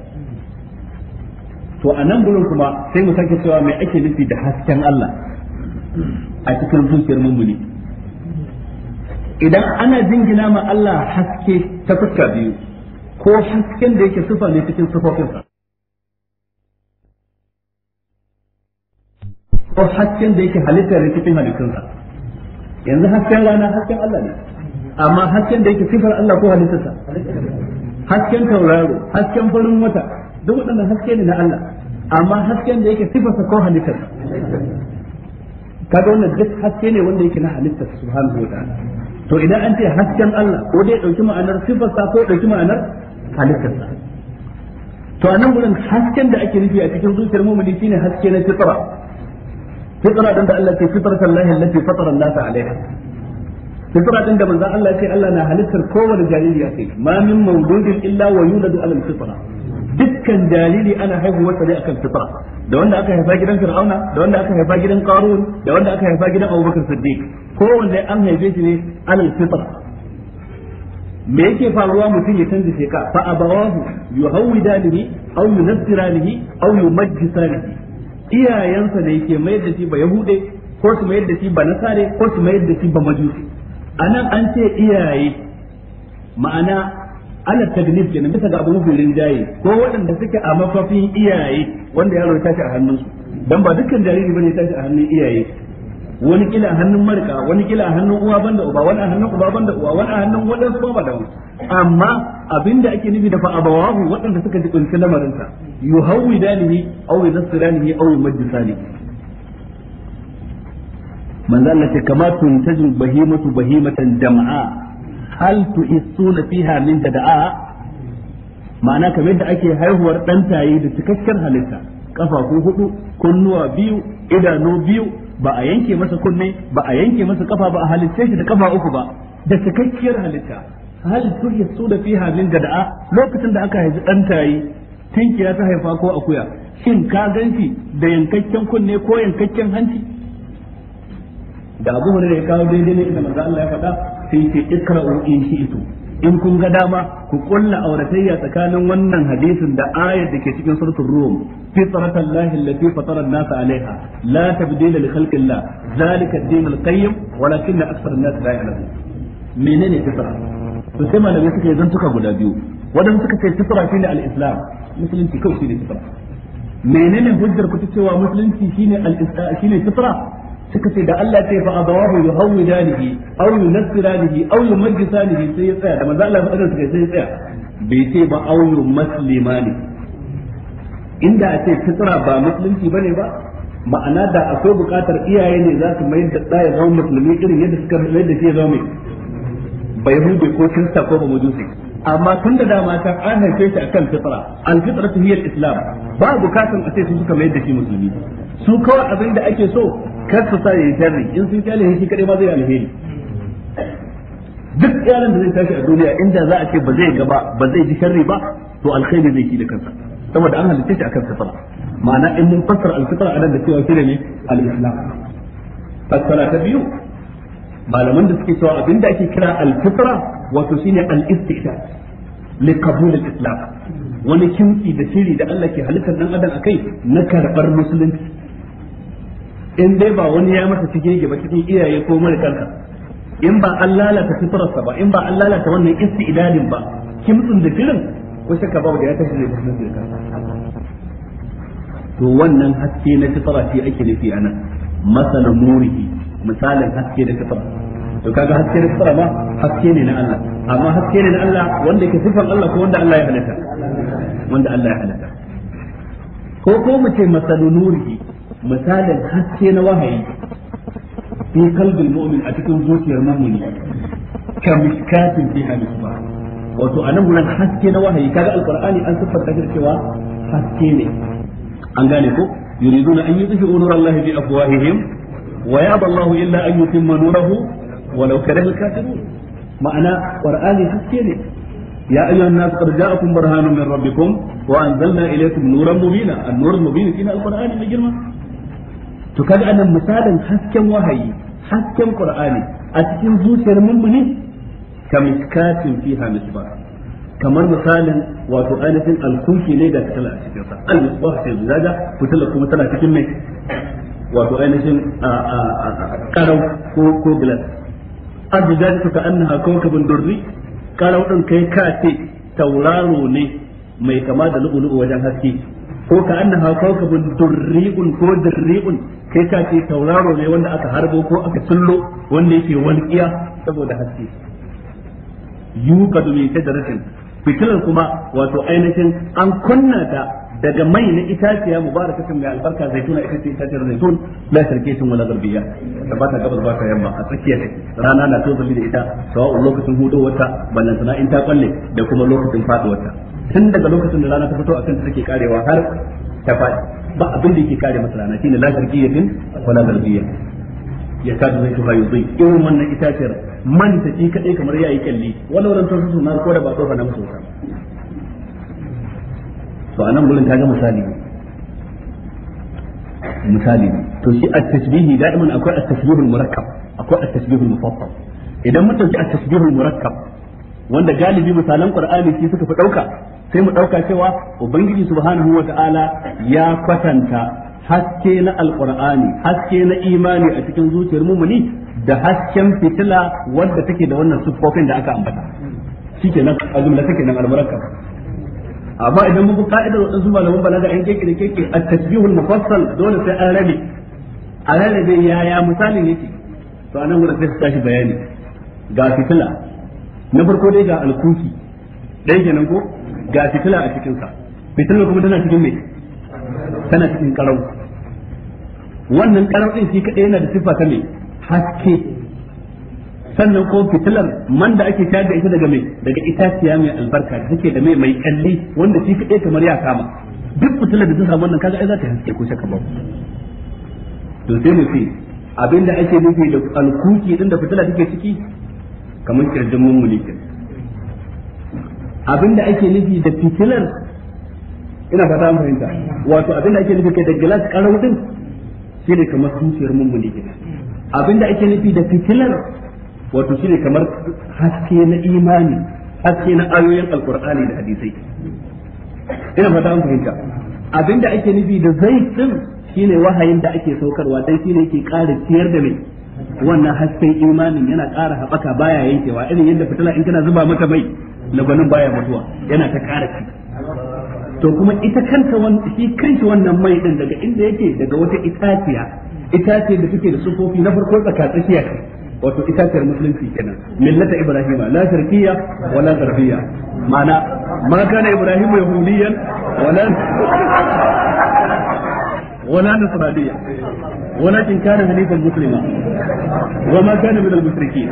to a nan gurin kuma sai mu sake cewa mai ake nufi da hasken Allah a cikin zuciyar mummuni idan ana jingina ma Allah haske ta fuska biyu ko hasken da yake sufa ne cikin sufofinsa ko hasken da yake halitta da cikin halittunsa yanzu hasken rana hasken Allah ne amma hasken da yake sifar Allah ko halittarsa hasken tauraro hasken farin wata duk waɗannan haske ne na Allah amma hasken da yake sifarsa ko halittarsa kaga wannan duk haske ne wanda yake na halittar subhanahu wa ta'ala to idan an ce hasken Allah ko dai dauki ma'anar sifarsa ko dauki ma'anar halittarsa to anan gurin hasken da ake nufi a cikin zuciyar mu'mini shine haske na fitra fitra din da Allah ke fitratan lahi allati fatara an-nasa alaiha fitra din da manzon Allah ce Allah na halittar kowane jariri ya kai ma min mawludin illa wa yuladu ala al-fitra dukkan jariri ana haihuwa sa ne akan fitra da wanda aka haifa gidan Fir'auna da wanda aka haifa gidan Qarun da wanda aka haifa gidan bakar Siddiq kowanne an haife shi ne ala fitra me yake faruwa mutum ya canza sheka fa abawahu yuhawidanihi aw yunassiranihi aw yumajjisanihi iyayensa ne ke mayar da shi ba yahude ko su mai da shi ba nasare ko su mai da shi ba majusi anan an ce iyaye ma'ana ala tagnif kenan bisa ga abun mafi rinjaye ko waɗanda suke a mafafin iyaye wanda yaro ya tashi a hannunsu dan ba dukkan jariri bane ya tashi a hannun iyaye wani kila hannun marka wani kila hannun uwa banda uba wani hannun uba banda uwa wani hannun wadansu ba da wani amma abinda ake nufi da fa'abawahu wadanda suka ji kunshi lamarinsa yuhawidanihi aw yunasiranihi aw yumajjisani manzo Allah ce kama tuntajul bahimatu bahimatan jam'a hal tu'issuna fiha min da'a ma'ana kamar da ake haihuwar dantaye da cikakken halitta kafafu hudu kunnuwa biyu idanu biyu ba a yanke masa kunne ba a yanke masa kafa ba a halitta shi da kafa uku ba da cikakkiyar halitta hal tuhi su da fiha min gada'a lokacin da aka haifi dan tayi tinkiya ta haifa ko akuya shin ka ganki da yankakken kunne ko yankakken hanci da abu ne da ya kawo daidai ne da manzo Allah ya faɗa sai ce ikra'u in shi'tu in kun ga dama ku kulla auratayya tsakanin wannan hadisin da ayar da ke cikin suratul rum fitratan lahi allati fatara an-nas alaiha la tabdila li khalqillah zalika ad-din al-qayyim walakin akthar an-nas la ya'lamun menene fitra to sai malamai suka yi zantuka guda biyu wadanda suka ce fitra shine al-islam musulunci kawai shine fitra menene hujjar ku ta cewa musulunci shine al-islam shine fitra suka ce da Allah ce fa abawahu yuhawidanihi aw yunassiranihi aw yumajjisanihi sai ya tsaya da manzo Allah fadin suka sai ya tsaya bai ce ba aw muslimani inda a ce fitra ba musulunci bane ba ma'ana da akwai bukatar iyaye ne za su mayar da ɗaya zama musulmi irin yadda suka mayar da shi zama mai bai hude ko kinsa ko ba mujusi amma tun da dama ta an haife shi akan fitra al fitratu hiya islam ba bukatan a sai su suka mayar da shi musulmi su kawai abin da ake so kar su sa ya yi sharri in sun kyale shi kadai ba zai alheri duk yaron da zai tashi a duniya inda za a ce ba zai gaba ba zai ji sharri ba to alkhairi zai ki da kansa saboda an halitta shi akan fitra ma'ana in mun fassara al a nan da cewa shi ne al islam fassara ta biyu malaman da suke cewa abinda ake kira Alfitra, wato shine al-istihdad li qabul al-islam wani kimtsi da shiri da Allah ke halittar dan adam akai na karbar musulunci in dai ba wani ya masa cike gaba cikin iyaye ko mara kanka in ba an lalata fitrarsa ba in ba an lalata wannan istidadin ba kimtsin da shirin ko shakka ba da ya tashi da musulunci to wannan haske na fitra ce ake nufi anan masalan nurihi misalin haske da kasar to kaga haske da kasar ma haske ne na Allah amma haske ne na Allah wanda yake sifan Allah ko wanda Allah ya halitta wanda Allah ya halitta ko ko mu ce masalu nurihi misalin haske na wahayi fi kalbin mu'min a cikin zuciyar mu'mini kamiskatin fi halisba wato anan gurin haske na wahayi kaga alqur'ani an siffanta shi cewa haske ne an gane ko yuriduna an yudhiru nurallahi bi afwahihim wa yaba Allahu illa an yutimma nurahu walau karihal kafirun ma'ana qur'ani haske ne يا أيها الناس قد جاءكم برهان من ربكم وأنزلنا إليكم نورا مبينا النور المبين فينا القرآن من تكاد أنا مثالا حسكا وهي حسكا قرآني أتكن زوجر ممني كمسكات فيها مصباح kamar misalin wato ainihin alkunki ne da ta tala a cikinsa almisbah kuma tana cikin mai wato ainihin karau ko ko bilan. azza ta ka annaha kawkabun durri karau din kai ka ce tauraro ne mai kama da lu'ulu'u wajen haske ko ka annaha kawkabun durri'un ko durri'un kai ka ce tauraro ne wanda aka harbo ko aka tullo wanda yake walƙiya saboda haske yuqadu ta darajin fitilar kuma wato ainihin an kunna ta daga mai na itaciya mubarakatan mai albarka zaituna ita ce itaciyar zaitun la sarketin wala garbiya da ba ta gabar ba ta yamma a tsakiya take rana na tozali da ita sawa'un lokacin hudowarta ballan sana in ta kwalle da kuma lokacin faduwarta tun daga lokacin da rana ta fito akan ta take karewa har ta fadi ba abin da yake kare masa rana shine la sarkiyatin wala garbiya ya kadu zai tuha yuzai irin wannan itaciyar man ta ci kadai kamar yayi kalli wala wannan tosu na ko da ba tofa na musu to anan gurin kaga misali misali ne to shi at-tasbihi da'iman akwai at-tasbihul murakkab akwai at-tasbihul mufassal idan mun dauki at-tasbihul murakkab wanda galibi misalan qur'ani shi suka fi dauka sai mu dauka cewa ubangiji subhanahu wata'ala ya kwatanta haske na alqur'ani haske na imani a cikin zuciyar mumuni da hasken fitila wanda take da wannan sufofin da aka ambata shikenan azumla take nan al-murakkab amma idan mun ka'idar waɗansu malaman balaga yan keke da keke a tasbihul mufassal dole sai an rabe a rabe yaya misalin yake to anan wurin sai su tashi bayani ga fitila na farko dai ga alkuki dai kenan ko ga fitila a cikin sa fitilar kuma tana cikin me tana cikin karau wannan karau din shi kadai yana da sifa ta me haske sannan ko fitilar man da ake tayar da ita daga mai daga itaciya mai albarka da take da mai mai kalli wanda shi kaɗai kamar ya kama duk fitilar da ta samu wannan kaga ai za ta haske ko shaka ba to sai mu ce da ake nufi da alkuki din da fitila take ciki kamar kirjin mummuni ke da ake nufi da fitilar ina fata an fahimta wato abin da ake nufi da glass karau din shine kamar tuciyar mummuni ke da ake nufi da fitilar wato shine kamar haske na imani haske na ayoyin alkur'ani da hadisai ina fata an fahimta abinda ake nufi da zai din shine wahayin da ake saukarwa dai shine yake ƙara ciyar da mai wannan hasken imanin yana ƙara haɓaka baya yankewa irin yadda fitila in kana zuba mata mai na gwanin baya mutuwa yana ta ƙara ci to kuma ita kanta shi kanta wannan mai din daga inda yake daga wata itaciya itace da take da sufofi na farko tsaka tsakiya wato itaciyar musulunci kenan millata ibrahima la sharqiyya wala garbiyya ma'ana ma kana ibrahimu yahudiyan wala wala nasraniyya ولكن كان Wa ma kana min al-mushrikeen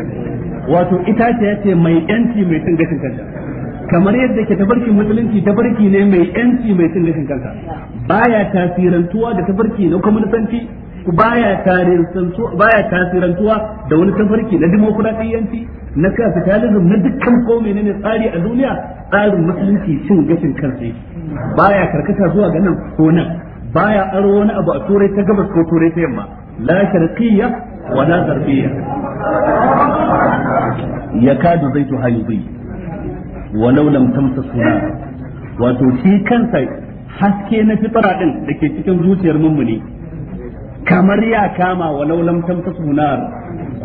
wato itace ce mai yanci mai cin gashin kanta kamar yadda ke tabarkin musulunci tabarki ne mai yanci mai cin gashin kanta baya tasirantuwa da tabarki na kwamnisanci baya tasirantuwa da wani tafarki na dimokuraɗiyyanci na capitalism na dukkan ko menene tsari a duniya tsarin musulunci cin gashin kansa baya karkata zuwa ga nan ko nan baya aro wani abu a turai ta gabas ko turai ta yamma la sharqiyya wa la garbiyya yakadu zaitu hayubi walau lam suna. wato shi kansa haske na fitara din da ke cikin zuciyar mummuni kamar ya kama wa lam tam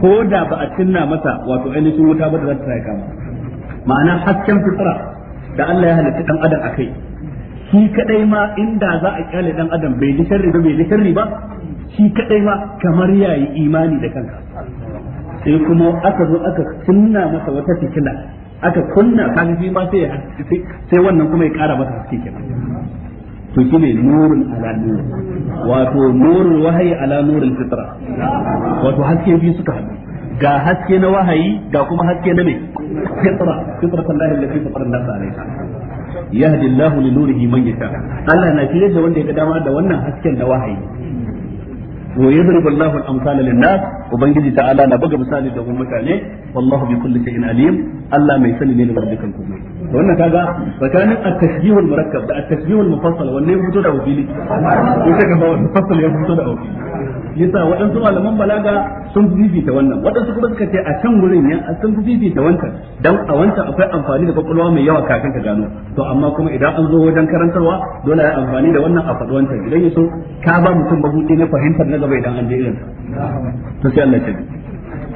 ko da ba a cinna masa wato ainihin wuta ba da za ta ya kama ma'ana hasken fitra da Allah ya halitta dan adam akai shi kadai ma inda za a kyale dan adam bai ji sharri ba bai ji sharri ba shi kadai ma kamar yayi imani da kanka sai kuma aka zo aka cinna masa wata fitila aka kunna kan shi ma sai sai wannan kuma ya kara masa haske kenan to shine nurun ala nur wato nurul wahayi ala nurul fitra wato haske biyu suka haɗu ga haske na wahayi ga kuma haske na mai fitra fitra sallahi allati fitra an da alayha yahdi Allahu li nurihi man yasha Allah na fiye da wanda ya ga dama da wannan hasken na wahayi wa yadribu Allahu al-amsala lin-nas ubangiji ta'ala na buga misali da mutane wallahu bi kulli shay'in alim Allah mai sani ne da dukkan komai wannan kaga tsakanin at-tashbih al-murakkab da at-tashbih al-mufassal wanne ya fito da wafili ko sai kaga wannan mufassal ya fito da wafili yasa waɗansu malaman balaga sun fifita wannan waɗansu kuma suka ce a can gurin ya sun fifita wancan dan a wancan akwai amfani da kwakwalwa mai yawa kafin ka gano to amma kuma idan an zo wajen karantarwa dole ya amfani da wannan a faɗi wancan idan ya so ka ba mutum mabuɗi na fahimtar na gaba idan an je irin to sai Allah ya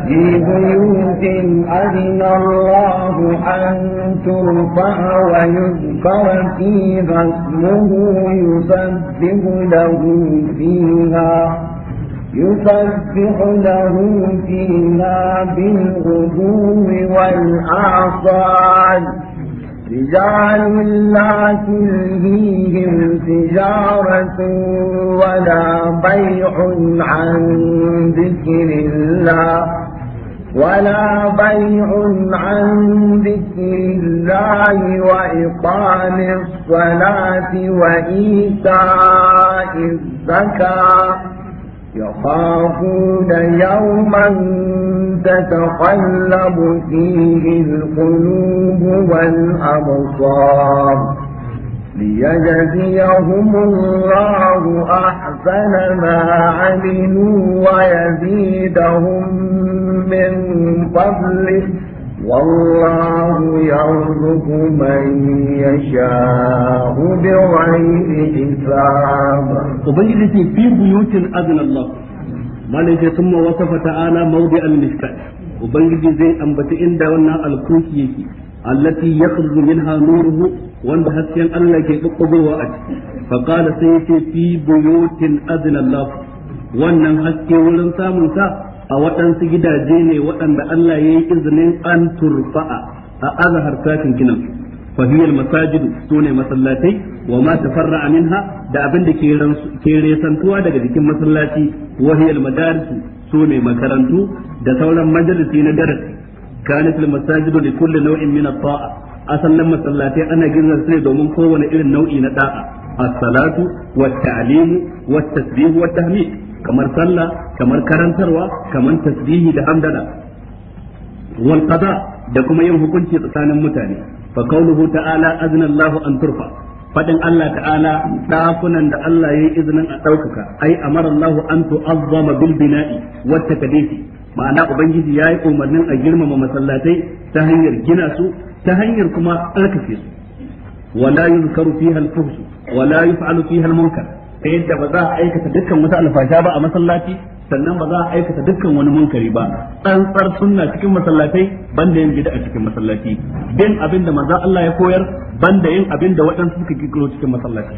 في بيوت أذن الله أن ترفع ويذكر فيها اسمه يسبح له فيها يسبح له فيها بالغدو والأعصال رجال لا تلهيهم تجارة ولا بيع عن ذكر الله ولا بيع عن ذكر الله وإقام الصلاة وإيتاء الزكاة يخافون يوما تتقلب فيه القلوب والأبصار ليجزيهم الله أحسن ما عملوا ويزيدهم من فضله والله يرزق من يشاء بغير حساب وبيجلس في بيوت أذن الله ما ليس ثم وصف تعالى موضع المسكات وبيجلس زي أنبت إن دعونا الكوكي allati yakhruju minha ruhu wanda hasken Allah ke bubbugowa a ciki fa qala sai yace fi buyutin adna wannan haske wurin samun sa a waɗansu gidaje ne waɗanda Allah ya yi izinin an turfa'a a azhar sakin ginin fa hiya al-masajid masallatai wa ma tafarra'a minha da abin da ke resantuwa daga jikin masallaci wahiyar hiya al-madaris makarantu da sauran majalisi na darasi kanat al masajid li kulli naw'in min at-ta'a asallan masallatai ana gina su domin kowane irin nau'i na ɗa'a, asalatu, salatu wat ta'limu wat tasbih wat kamar sallah kamar karantarwa kamar tasbihi da hamdala wal da kuma yin hukunci tsakanin mutane fa ta'ala azna Allahu Allah ta'ala dakunan da Allah ya yi izinin a ɗaukaka ai amara Allah an tu'azzama bil bina'i wa takadifi ma'ana ubangiji ya yi umarnin a girmama masallatai ta hanyar gina su ta hanyar kuma tsarkake su wala yuzkaru fiha al-fuhsh wala yuf'alu fiha al-munkar ta yadda ba za a aikata dukkan wata alfasha ba a masallaci sannan ba za a aikata dukkan wani munkari ba tsantsar sunna cikin masallatai banda yin bid'a cikin masallaci bin abin da manzo Allah ya koyar banda yin abin da waɗansu suka kikiro cikin masallaci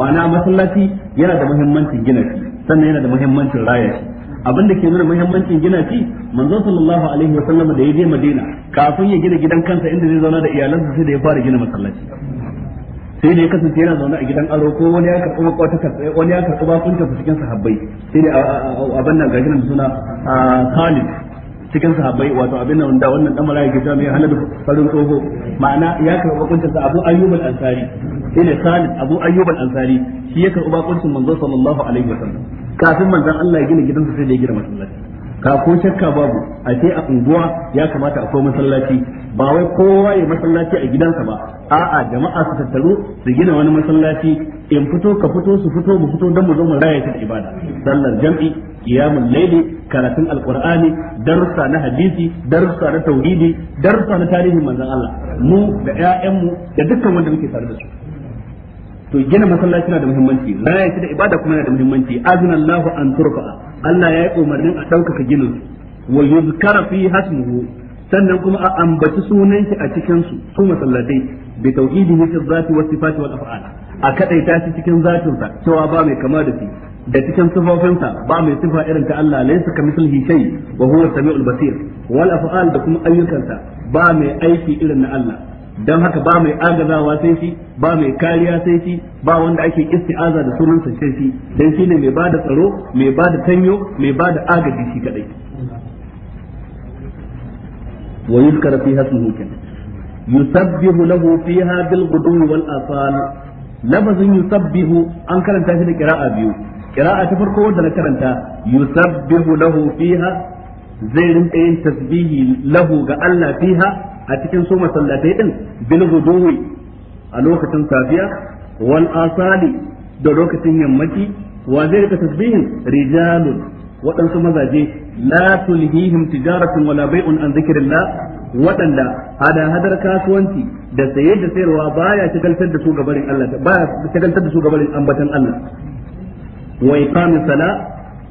ma'ana masallaci yana da muhimmancin gina shi sannan yana da muhimmancin raya shi abin da ke nuna muhimmancin gina shi manzo sallallahu alaihi wa sallam da ya je Madina kafin ya gina gidan kansa inda zai zauna da iyalansa sai da ya fara gina masallaci sai da ya kasance yana zaune a gidan aro ko wani ya karɓi makwataka wani ya karɓi bakunta cikin sahabbai sai da abin nan ga gina suna Khalid cikin sahabbai wato abin nan da wannan dan mala'ika ya ce mai halal farin tsoho ma'ana ya karɓi bakunta sa Abu Ayyub al-Ansari shine Khalid Abu Ayyub al-Ansari shi ya karɓi bakuncin manzo sallallahu alaihi wasallam kafin manzon Allah ya gina gidansa sai da ya gina masallaci ka ko shakka babu a ce a unguwa ya kamata akwai masallaci ba wai kowa ya masallaci a gidansa ba a'a jama'a su tattaru su gina wani masallaci in fito ka fito su fito mu fito don mu zo mu raya ta ibada sallar jam'i qiyamul layli karatun alqur'ani darussa na hadisi darussa na tauhidi darussa na tarihin manzon Allah mu da ƴaƴanmu da dukkan wanda muke tare da su to gina masallaci na da muhimmanci raya shi da ibada kuma na da muhimmanci azna Allahu an turfa Allah ya yi umarnin a ɗaukaka ginin wa yuzkara fi hasmuhu sannan kuma a ambaci sunan shi a cikin su su masallatai bi tauhidihi fi zati wa sifati wal af'al a kadaita shi cikin zatinsa sa cewa ba mai kama da shi da cikin sifofinsa ba mai sifa irin ta Allah laysa kamithlihi shay wa huwa samiul basir wal af'al da kuma ayyukansa ba mai aiki irin na Allah dan haka ba mai agazawa sai shi ba mai kariya sai shi ba wanda ake isti'aza da sunan sa sai shi dan shine mai bada tsaro mai bada tanyo mai bada agaji shi kadai wa yuzkara fiha ismuhu kan yusabbihu lahu fiha bil ghudwi wal asal lafazin yusabbihu an karanta shi da qira'a biyu qira'a ta farko wanda na karanta yusabbihu lahu fiha zai rinka yin tasbihi lahu ga Allah fiha a cikin su masallatai din bil huduwi a lokacin safiya wal asali da lokacin yammaci wa zai rika tasbihin rijalun waɗansu mazaje la tulhihim tijaratun wala bai'un an zikrillah waɗanda hada hadar kasuwanci da saye da sayarwa baya shagaltar da su gabarin Allah baya shagaltar da su gabarin ambatan Allah wa iqamis sala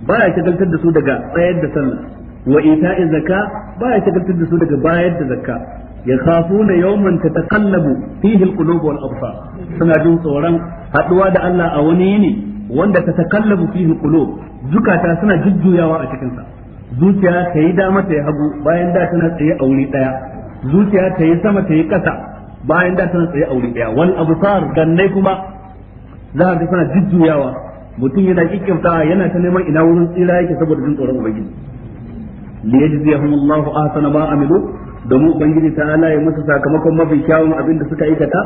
baya shagaltar da su daga tsayar da sallah wa ita'i zakka ba ya shagaltar da su daga bayar da zakka Ya yakhafuna yawman tataqallabu fihi alqulub wal absar suna jin tsoron haduwa da Allah a wani yini wanda ta tataqallabu fihi alqulub zukata suna jujjuyawa a cikin sa zuciya ta yi dama ta yi hagu bayan da tana tsaye a wuri daya zuciya ta yi sama ta yi kasa bayan da tana tsaye a wuri daya wal absar gannai kuma za ka suna jujjuyawa mutum yana kikkimta yana ta neman ina wurin tsira yake saboda jin tsoron ubangiji liyajziyahum Allah ahsana ma amilu domin ubangiji ta alaye ya sakamakon mafi kyawun abin da suka aikata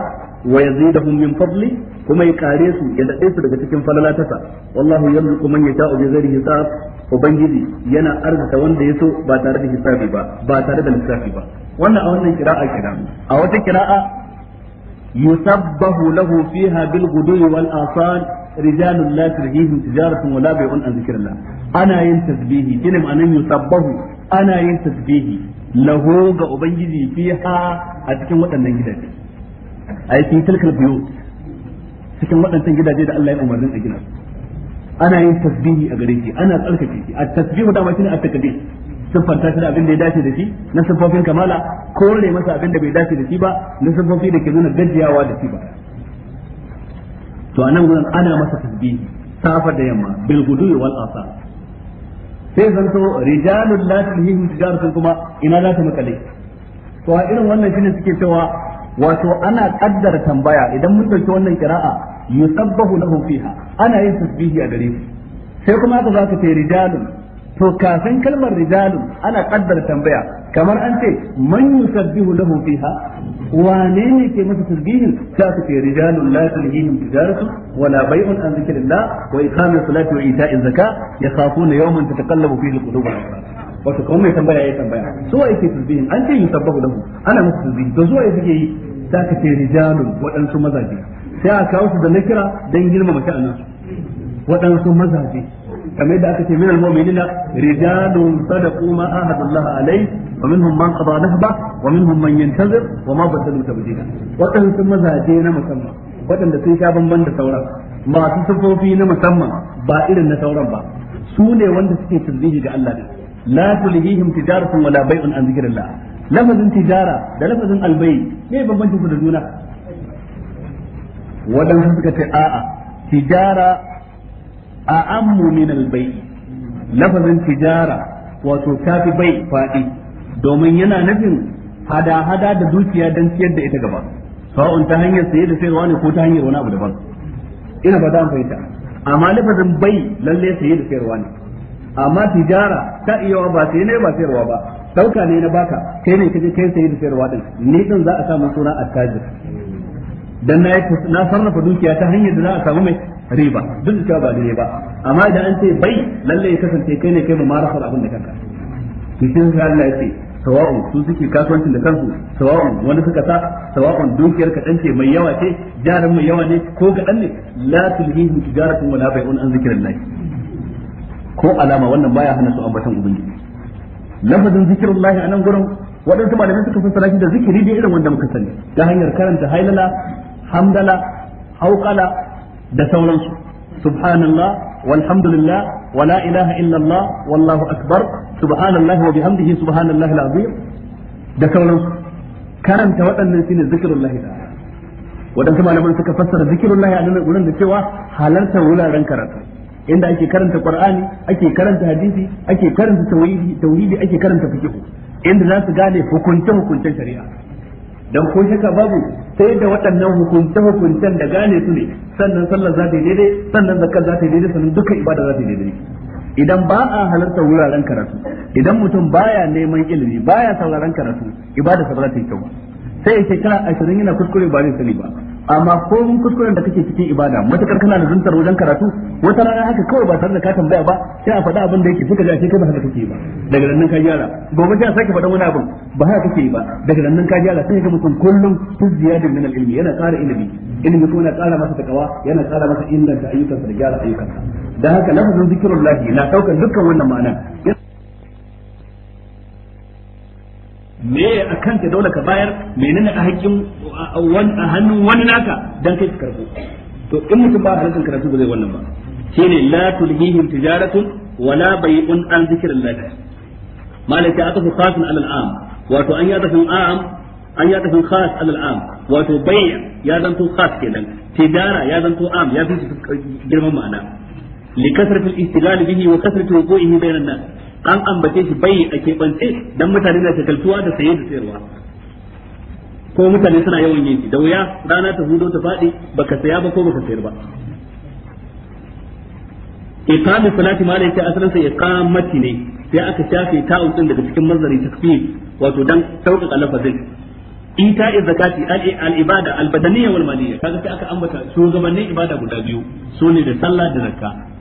wa da min fadli kuma ya kare su ya daɗe su daga cikin falalatasa wallahu yarzuqu man yasha'u bi ghairi hisab ubangiji yana arzuta wanda ya so ba tare da hisabi ba ba tare da ba wannan a wannan kira'a a wata kira'a يسبح له فيها بالغدو والآصال رجال لا تلهيهم تجارة ولا بيع عن ذكر الله أنا ين تسبيه كلمة أنا يسبح أنا ين تسبيه له أبنجي فيها أتكلم وطن جدد أي في تلك البيوت cikin waɗancan gidaje da Allah ya umarnin a gina ana yin tasbihi a gare shi ana tsarkake shi a tasbihu dama shine at-takbir siffanta shi da abin da ya dace da shi na siffofin kamala kore masa abin da bai dace da shi ba na siffofi da ke nuna gajiyawa da shi ba to anan gudan ana masa tasbihi safa da yamma bil gudu wal asa sai zanto rijalul lati tulhihim tijaratun kuma ina za ta makale to a irin wannan shine suke cewa wato ana kaddara tambaya idan mun dauki wannan kira'a yusabbahu lahum fiha ana yin tasbihi a gare shi sai kuma za zaka ce rijalun to kafin kalmar Rijalun ana kaddar tambaya kamar an ce man yusabbihu lahu fiha wane ne ke masa tasbihin za su ce rijalun la tulhihim tijaratu wala bay'un an zikrillah wa iqamis salati wa ita'iz zakat yakhafuna yawman tataqallabu fihi alqulub wato kuma mai tambaya ya tambaya su wa yake tasbihin an ce yusabbihu lahu ana masa tasbihi to su wa yake yi za ka ce rijalun waɗansu mazaje sai a kawo su da nakira don girmama sha'anin su waɗansu mazaje kamar da aka ce minal mu'minina rijalun sadaqu ma ahadallahi alai wa minhum man qada nahba wa minhum man yantazir wa ma badalu tabdila wadan sun mazaje na musamman wadanda sun sha bamban da sauran masu sifofi na musamman ba irin na sauran ba su ne wanda suke tasbihi ga Allah ne la tulhihim tijaratun wala bai'un an zikrillah lafazin tijara da lafazin albay me bambancin su da juna wadansu suka ce a'a tijara a'ammu min al bai lafazin tijara wato tafi bai fadi domin yana nufin hada-hada da dukiya don siyar da ita gaba sawa'un ta hanyar saye da sayarwa ne ko ta hanyar wani abu daban ina ba an fahimta amma lafazin bai lalle saye da sayarwa ne amma tijara ta iyawa ba sai ne ba sayarwa ba dauka ne na baka kai ne kaje kai saye da sayarwa din ni din za a sa mun suna at-tajir dan na na sarrafa dukiya ta hanyar da za a samu mai riba duk da cewa ba daidai ba amma da an ce bai lalle ya kasance kai ne kai mu marasar abin da kanka cikin Allah ya ce sawa'un su suke kasuwancin da kansu sawa'un wani suka sa sawa'un dukiyar ka ce mai yawa ce jarin mai yawa ne ko ga dan ne la tulhihim tijaratun wala bai'un an zikrillah ko alama wannan baya hana su ambatan ubangiji lafazin zikrullahi a nan gurin waɗansu malamai suka fassara shi da zikiri da irin wanda muka sani ta hanyar karanta hailala hamdala hauƙala da sauransu subhanallah walhamdulillah wala ilaha illallah wallahu akbar subhanallah wa bihamdihi subhanallah alazim da sauransu karanta waɗannan shine zikrullahi ta'ala waɗansu malaman suka fassara zikirullahi a nan gurin da cewa halartar wuraren karatu inda ake karanta qur'ani ake karanta hadisi ake karanta tauhidi tauhidi ake karanta fiqh inda za su gane hukunce hukuncen shari'a dan ko shaka babu sai da waɗannan hukunce hukuncen da gane su ne sannan sallar za ta yi daidai sannan zakar za ta yi daidai sannan dukkan ibada za ta yi daidai idan ba a halarta wuraren karatu idan mutum baya neman ilimi baya sauraron karatu ibada sa ba za ta yi kyau sai ya shekara ashirin yana kuskure ba zai sani ba amma ko kuskuren da kake cikin ibada matakar kana da zuntar wajen karatu wata rana haka kawai ba tare da ka tambaya ba sai a faɗa abin da yake suka ji kai ba haka kake ba daga nan ka gyara gobe sai a sake faɗa wani abin ba haka kake ba daga nan ka gyara sai ga mutum kullum su ziyadin min ilimi ilmi yana ƙara ilimi ilimi kuma yana ƙara masa takawa yana ƙara masa inganta ayyukansa da gyara ayyukansa dan haka lafazin zikrullah na ɗaukar dukkan wannan ma'anan. me a kanka dole ka bayar menene a hakkin a hannun wani naka dan kai ka karbo to in mutum ba halartar karatu ba zai wannan ba shine la tulhihim tijaratun wala bai'un an zikirin zikrillah malaka fi khasun alal am wato an ya tafi am an ya tafi khas alal am wato bai ya zanto khas kenan tijara ya zanto am ya fi girman ma'ana li kasratil istilal bihi wa kasratil wuqu'ihi bainan nas an ambace shi bai a keɓance dan mutane na shakaltuwa da saye da sayarwa ko mutane suna yawan yin shi da wuya rana ta hudo ta faɗi baka saya ba ko baka sayar ba iqami salati ma laita asran sai iqamati ne sai aka shafe ta din daga cikin mazari takfir wato dan sauƙaƙa lafazin ita zakati al ibada al badaniyya wal maliyya kaga sai aka ambata shugabannin ibada guda biyu sune da sallah da zakka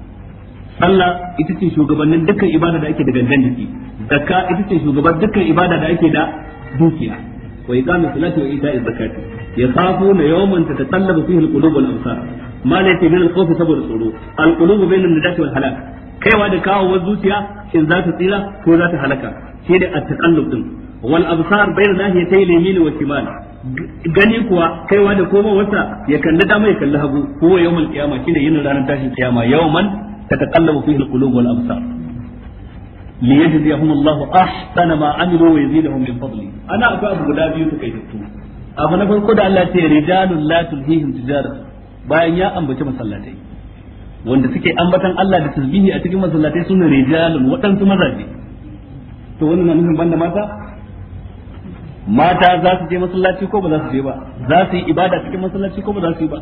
sallah ita ce shugabannin dukkan ibada da ake da gangan jiki zakka ita ce shugaban dukkan ibada da ake da dukiya wa iqamu salati wa ita'i zakati yakhafuna yawman tatatallabu fihi alqulub wal absar ma la yati min alkhawf saboda tsoro alqulub bayna an-najati wal halak kaiwa da kawowar zuciya in za ta tsira ko za ta halaka shi da at-taqallub din wal absar bayna nahiyatay yamin wa shimal gani kuwa kaiwa da komowarsa ya kalli dama ya kalli hagu ko yawmal qiyama shine yin ranar tashin kiyama yawman tataqallabu fihi alqulub wal absar liyajziyahum Allah ahsana ma amilu wa yazidahum min fadli ana akwai abu guda biyu suka yi tattu abu na farko da Allah ya ce rijalul ya ambaci masallatai wanda suke ambatan Allah da tasbihi a cikin masallatai suna rijalun waɗansu mazaje to wannan na nufin banda mata mata za su je masallaci ko ba za su je ba za su yi ibada cikin masallaci ko ba za su yi ba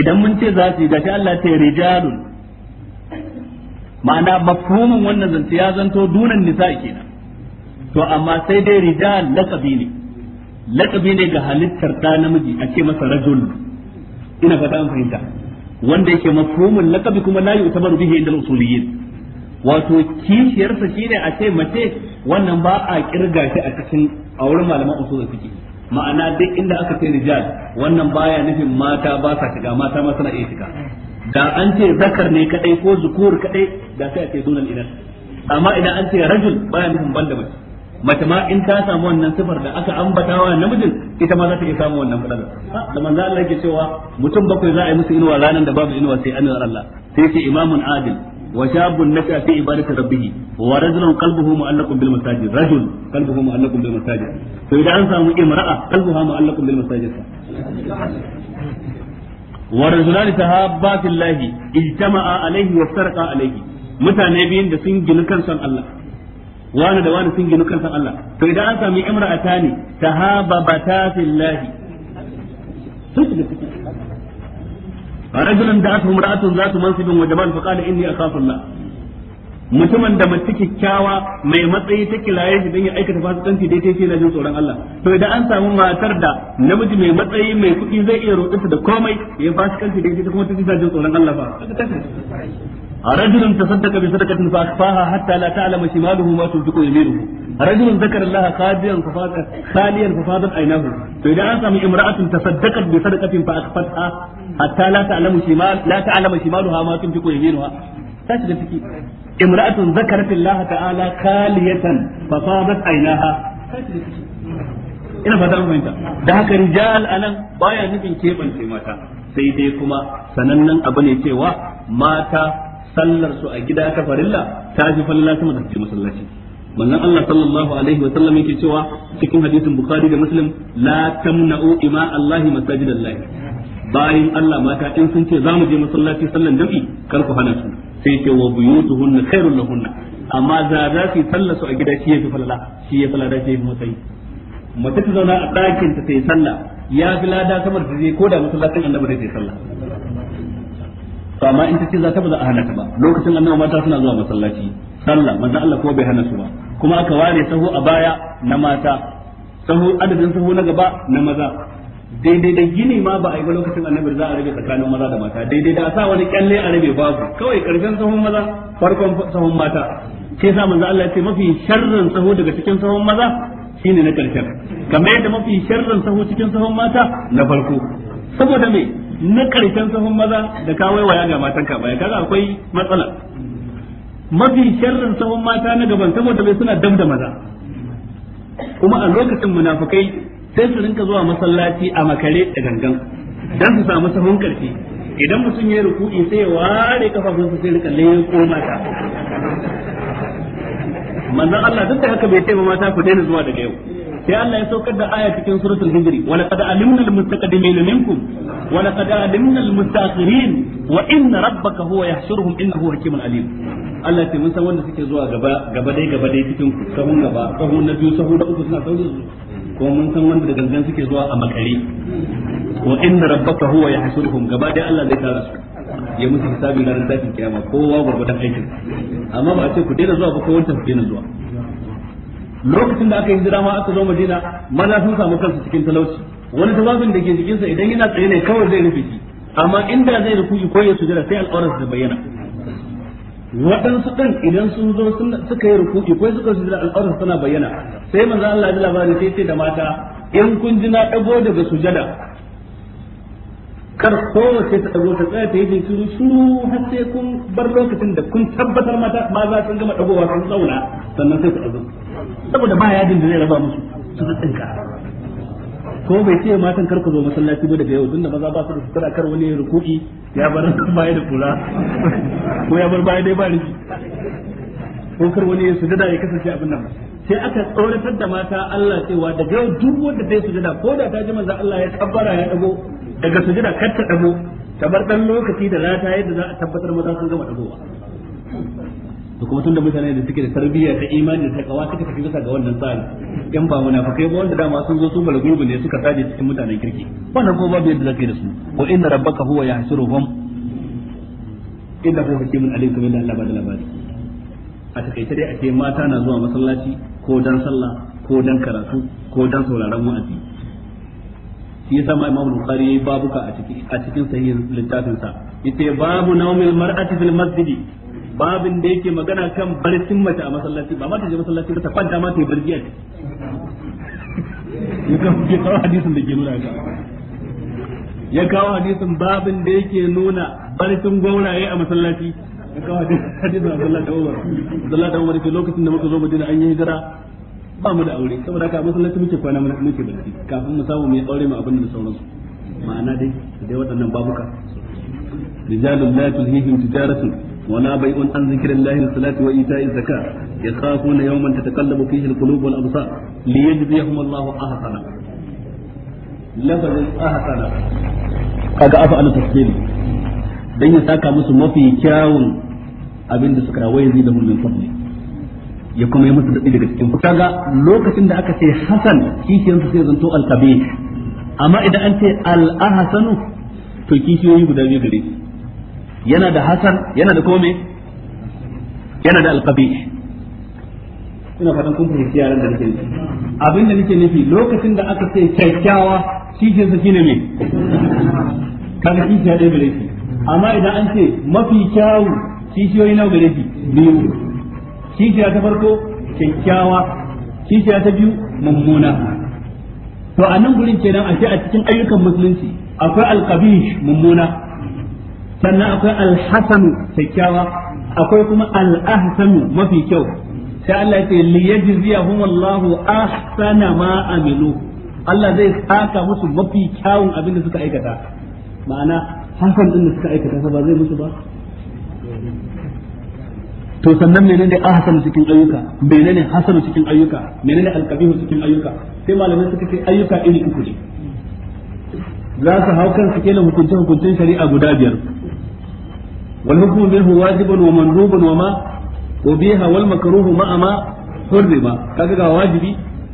idan mun ce za su yi gashi Allah ta rijalun ma'ana mafhumin wannan zance ya zanto dunan nisa kenan to amma sai dai rijal laqabi ne laqabi ne ga halittar da namiji ake masa rajul ina fata an fahimta wanda yake mafhumin lakabi kuma la yu'tabaru bihi inda usuliyyin wato kishiyarsa shine a ce mace wannan ba a kirga shi a cikin auren malaman usulul fiqh ma'ana duk inda aka ce rijal wannan baya nufin mata ba sa shiga mata ma suna iya shiga da an ce zakar ne kadai ko zukur kadai da sai a ce dunan inas amma idan an ce rajul baya nufin banda mace mace ma in ta samu wannan sifar da aka ambata wa namijin ita ma za ta iya samu wannan fadar da manzo Allah yake cewa mutum bakwai za a yi musu inuwa ranan da babu inuwa sai annabi Allah sai ce imamun adil wa shabun nasha fi ibadati rabbih wa rajulun qalbuhu mu'allaqun bil masajid rajul qalbuhu mu'allaqun bil masajid to idan an samu imra'a qalbuha mu'allaqun bil masajid ورجلان تهابا في الله عليه وافترقا عليه mutane biyun da sun ginu kan Allah wani da wani sun ginu kan Allah to idan an sami imra'ata ne tahababata fillahi sun shiga ciki rajulan da asmu za su mansibin wa jabal fa qala inni akhafu Allah mutumin da mace kyakkyawa mai matsayi ta kilaye shi don ya aikata fasikanci dai sai yana jin tsoron Allah to idan an samu matar da namiji mai matsayi mai kuɗi zai iya roƙinsa da komai ya fasikanci dai ta kuma ta jin tsoron Allah ba a rajulun ta santa kabi sadaka tun fa hatta la ta'lamu shimaluhu ma tunfiqu yaminuhu rajulun zakara Allah qadiyan fa fadat saliyan fa fadat aynahu to idan an samu imra'atun tasaddaqat bi tun fa fa ha hatta la ta'lamu shimal shi ta'lamu shimaluha ma tunfiqu yaminuha ta shiga ciki imra'atun zakaratillaha ta'ala khaliyatan fasadat ainaha ina fata an fahimta da haka rijal anan baya nufin kebance mata sai dai kuma sanannen abu ne cewa mata sallar su a gida ta farilla ta fi falala sama da masallaci wannan Allah sallallahu alaihi wa sallam yake cewa cikin hadisin bukhari da muslim la tamna'u ima Allah masajidallah bayin Allah mata in sun ce za mu je masallaci sallan jam'i kar ku hana su sai ce wa kairun khairun lahunna amma za za su sallah su a gida shi yafi falala shi ya falala shi yafi matsayi mace ta zauna a ɗakin ta sai sallah ya fi lada samar da zai ko da masallacin annabi zai sallah to amma in ta ce za ta ba za a hana ta ba lokacin annabi mata suna zuwa masallaci Salla, manzo Allah ko bai hana su ba kuma aka ware sahu a baya na mata sahu adadin sahu na gaba na maza daidai da gini ma ba a yi ba lokacin annabi za a rage tsakanin maza da mata daidai da a sa wani kyalle a rabe babu kawai karshen sahun maza farkon sahun mata Ke sa manzo Allah ya ce mafi sharrin saho daga cikin sahun maza shine na karshen kamar yadda mafi sharrin saho cikin sahun mata na farko saboda me na karshen sahun maza da ka waiwaya ga matan ka baya kaga akwai matsala mafi sharrin sahun mata na gaban saboda me suna dam da maza kuma a lokacin munafukai sai su rinka zuwa masallaci a makare da gangan dan su samu sahun karfi idan mutum ya ruku'i sai ya ware kafafunsa sai rinka layin ko mata manzon Allah duk da haka bai ce mata ku daina zuwa daga yau sai Allah ya saukar da aya cikin suratul hijri wa laqad alimna almustaqdimin minkum wa laqad alimna almustaakhirin wa inna rabbaka huwa yahshuruhum innahu hakimun alim Allah sai mun san wanda suke zuwa gaba gaba dai gaba dai cikin ku sahun gaba sahun na biyu sahun na uku suna sauye ko mun san wanda da gangan suke zuwa a makare ko inna rabbaka huwa yahsuruhum gaba dai Allah zai tara su ya musu hisabi na tashin kiyama kowa gurbadan aikin amma ba a ce ku daina zuwa ba ko wancan ku daina zuwa lokacin da aka yi jira ma aka zo Madina mana sun samu kansu cikin talauci wani tufafin da ke jikinsa idan yana tsaye ne kawai zai rufe shi amma inda zai rufe ko ya sujada sai al'aurar da bayyana waɗansu dan idan sun zo suka yi rukuki ko suka su al'aurar suna bayyana sai manzo Allah ya labari sai ce da mata in kun ji na dago daga sujada kar sai ta dago ta tsaya ta yi jinkiri shiru har sai kun bar lokacin da kun tabbatar mata ma za sun gama dagowa sun zauna sannan sai ku dago saboda ba yadin da zai raba musu su tsinka ko bai ce matan kar ku zo masallaci ba daga yau tunda maza ba su da sutura kar wani rukuki ya bar baya da kula ko ya bar baya dai ba riki ko kar wani ya sujada ya kasance abin nan sai aka tsoratar da mata Allah cewa daga yau duk wanda bai sujada ko da ta ji manzo Allah ya kabbara ya dago daga sujada kar ta dago kamar dan lokaci da rata yadda za a tabbatar maza sun gama dagowa da kuma tunda mutane da suke da tarbiyya ta imani da takawa suka tafi bisa ga wannan tsari yan ba kai ba wanda dama sun zo su bala gurbi ne suka saje cikin mutanen kirki wannan kuma babu yadda zaka yi da su wa inna rabbaka huwa yahsuruhum innahu hakimun alim kamar Allah ba da labari a takaice dai a ce mata na zuwa masallaci ko dan sallah ko dan karatu ko dan sauraron wa'azi shi yasa ma Imam Bukhari yayi babuka a cikin a cikin sahihin littafin sa yace babu nawmil mar'ati fil masjid babin da yake magana kan barcin mace a masallaci ba ma ta je masallaci ta kwanta ma ta yi barci a ya kawo hadisin da ke nuna haka ya kawo hadisin babin da yake nuna barcin gwauraye a masallaci ya kawo hadisin a da Umar Abdullahi da Umar ke lokacin da muka zo Madina an yi hijira ba mu da aure saboda haka masallaci muke kwana muke barci kafin mu samu mu yi aure mu abin da sauransu ma'ana dai dai waɗannan babuka رجال لا تلهيهم تجارة ولا بيع عن ذكر الله الصلاة وإيتاء الزكاة يخافون يوما تتقلب فيه القلوب والأبصار ليجزيهم الله أحسن لفظ أحسن kaga afa'al tasbih dan ya saka musu mafi kyawun abin da suka rawaye zai da mulmin fadli ya kuma yi musu daɗi daga cikin kaga lokacin da aka ce hasan kishiyansa sai zanto alkabe amma idan an ce al'ahasanu to kishiyoyi guda biyu gare yana da hasan yana da kome yana da alqabi ina fatan kun fahimci yaran da nake yi abin da nake nufi lokacin da aka ce kyakkyawa kishin sa shine me kaga kishi ya dai bare amma idan an ce mafi kyawu kishiyoyi nawa gare shi biyu ta farko kyakkyawa kishiya ta biyu mummuna to a nan gurin kenan a a cikin ayyukan musulunci akwai alqabih mummuna sannan akwai alhasanu kyakkyawa akwai kuma al'ahsan mafi kyau sai Allah ce li yajziyahum Allahu ahsana ma Aminu. Allah zai saka musu mafi kyawun abin da suka aikata ma'ana hasan din da suka aikata ba zai musu ba to sannan menene ahsan cikin ayyuka menene hasan cikin ayyuka menene alqabihu cikin ayyuka sai malamai suka ce ayyuka iri uku ne za su hau kan su kenan hukuncin hukuncin shari'a guda biyar والحكم منه واجب ومندوب وما وبيها والمكروه مع ما حرم kaga ga wajibi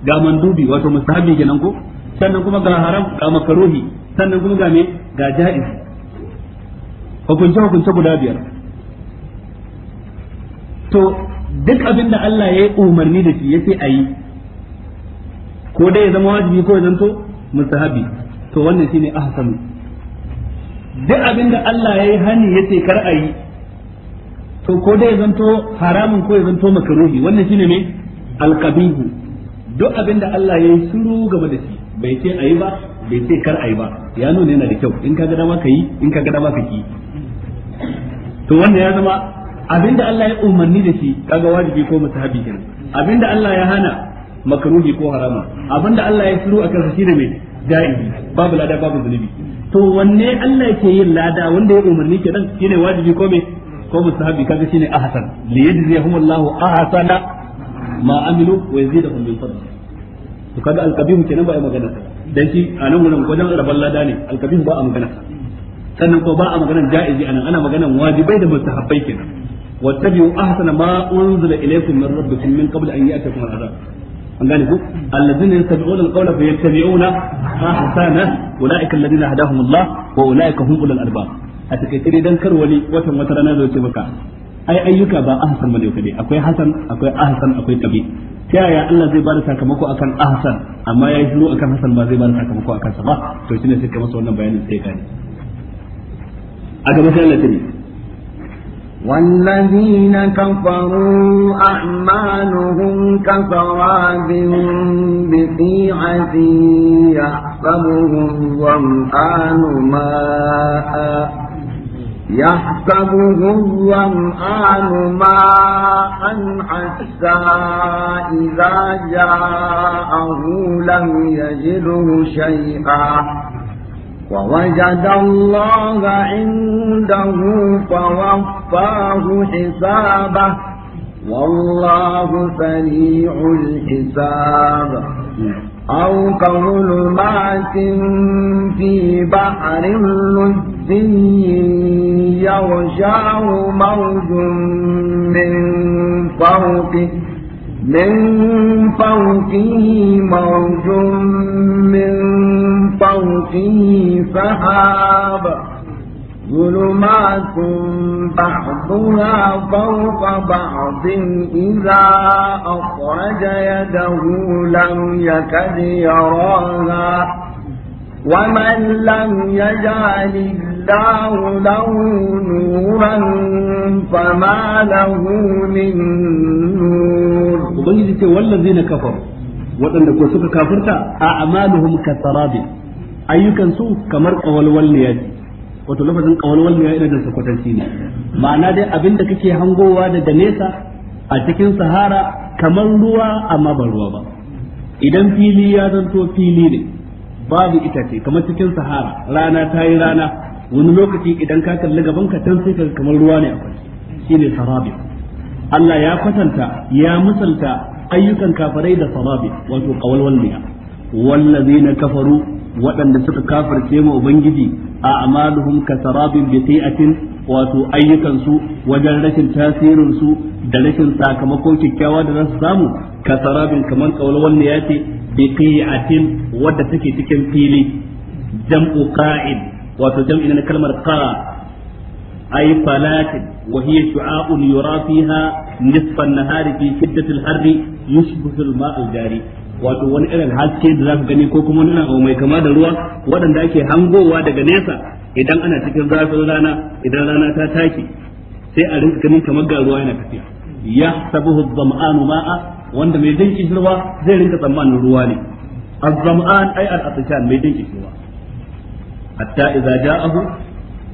ga mandubi wato mustahabi kenan ko sannan kuma ga haram ga makaruhi sannan kuma ga me ga jaiz hukunce hukunce guda biyar to duk abin da Allah ya yi umarni da shi yace ayi ko dai zama wajibi ko ya zanto mustahabi to wannan shine ahsanu duk abin da Allah ya yi hani ya ce kar a yi to ko dai zanto haramun ko ya zanto makaruhi wannan shi ne alkabihu duk abin da Allah ya yi suru game da shi bai ce a yi ba bai ce kar a yi ba ya nuna yana da kyau in ka gada ka yi in ka gada ka ki to wannan ya zama abin da Allah ya umarni da shi kaga wajibi ko musahabi kenan abin da Allah ya hana makaruhi ko harama abin da Allah ya shiru akan shi ne mai da'ibi babu lada babu zunubi to wanne Allah ke yin lada wanda ya umarni kenan shine wajibi ko me ko mustahabi kaga shine ahsan li yajzihum Allah ahsana ma amilu wa yazidahum min fadli to kaga alqabihu kenan ba ya magana dan shi anan wurin wajen rabban lada ne alqabihu ba a magana sannan ko ba a magana jaizi anan ana magana wajibai da mustahabbai kenan wattabi'u ahsana ma unzila ilaykum min rabbikum min qabli an ya'tiyakum al'adab an gane ku allazina yastabi'una alqawla fa yattabi'una ahsana ulaika allazina hadahumullah wa ulaika hum ulul albab a takaice dai dan kar wani watan wata rana zai ce maka ai ayyuka ba ahsan bane kadai akwai hasan akwai ahsan akwai tabi ta yaya Allah zai bada sakamako akan ahsan amma ya shiru akan hasan ba zai bada sakamako akan sa ba to shine sai ka masa wannan bayanin sai gane a gaba sai Allah ta والذين كفروا أعمالهم كسراب بقيعة يحسبه الظمآن ماء يحسبه الظمآن ماء حتى إذا جاءه لم يجده شيئا ووجد الله عنده فوفاه حسابه والله سريع الحساب أو كظلمات في بحر لجي يغشاه موج من فوقه من فوقه موج من فوقه سحاب ظلمات بعضها فوق بعض إذا أخرج يده لم يكد يراها ومن لم يجعل الله له نورا فما له من نور وبنجد والذين كفروا waɗanda ko suka kafirta a amaluhum kasarabi ayyukan su kamar kawalwal ne yaji wato lafazin kawalwal ne yaji da sakwatanci ne ma'ana dai abinda kake hangowa daga nesa a cikin sahara kamar ruwa amma ba ruwa ba idan fili ya zanto fili ne babu itace kamar cikin sahara rana ta yi rana wani lokaci idan ka kalli gaban ka tan sai kamar ruwa ne a kwanci shine sarabi Allah ya kwatanta ya misalta ayyukan kafirai da sarabi wato kawalwalniya wallazina kafaru waɗanda suka kafirce ma ubangiji a amaluhum kasarabin biti'atin wato ayyukansu wajen rashin tasirinsu da rashin sakamako kyakkyawa da za su samu kasarabin kamar walliya ce biti'atin wadda take cikin fili jam'u qa'id wato jam'i na kalmar qara ay falatin wa hiya shu'a'un yura fiha nisfa an-nahari fi shiddati al-harri yushbihu al-ma'a al-jari wato wani irin haske da zaka gani ko kuma nuna mai kama da ruwa waɗanda ake hangowa daga nesa idan ana cikin zafin rana idan rana ta take sai a rinka ganin kamar ga ruwa yana tafiya ya sabuhu zam'anu ma'a wanda mai jin kishirwa zai rinka tsammanin ruwa ne az-zam'an ay al-atshan mai jin kishirwa hatta idza ja'ahu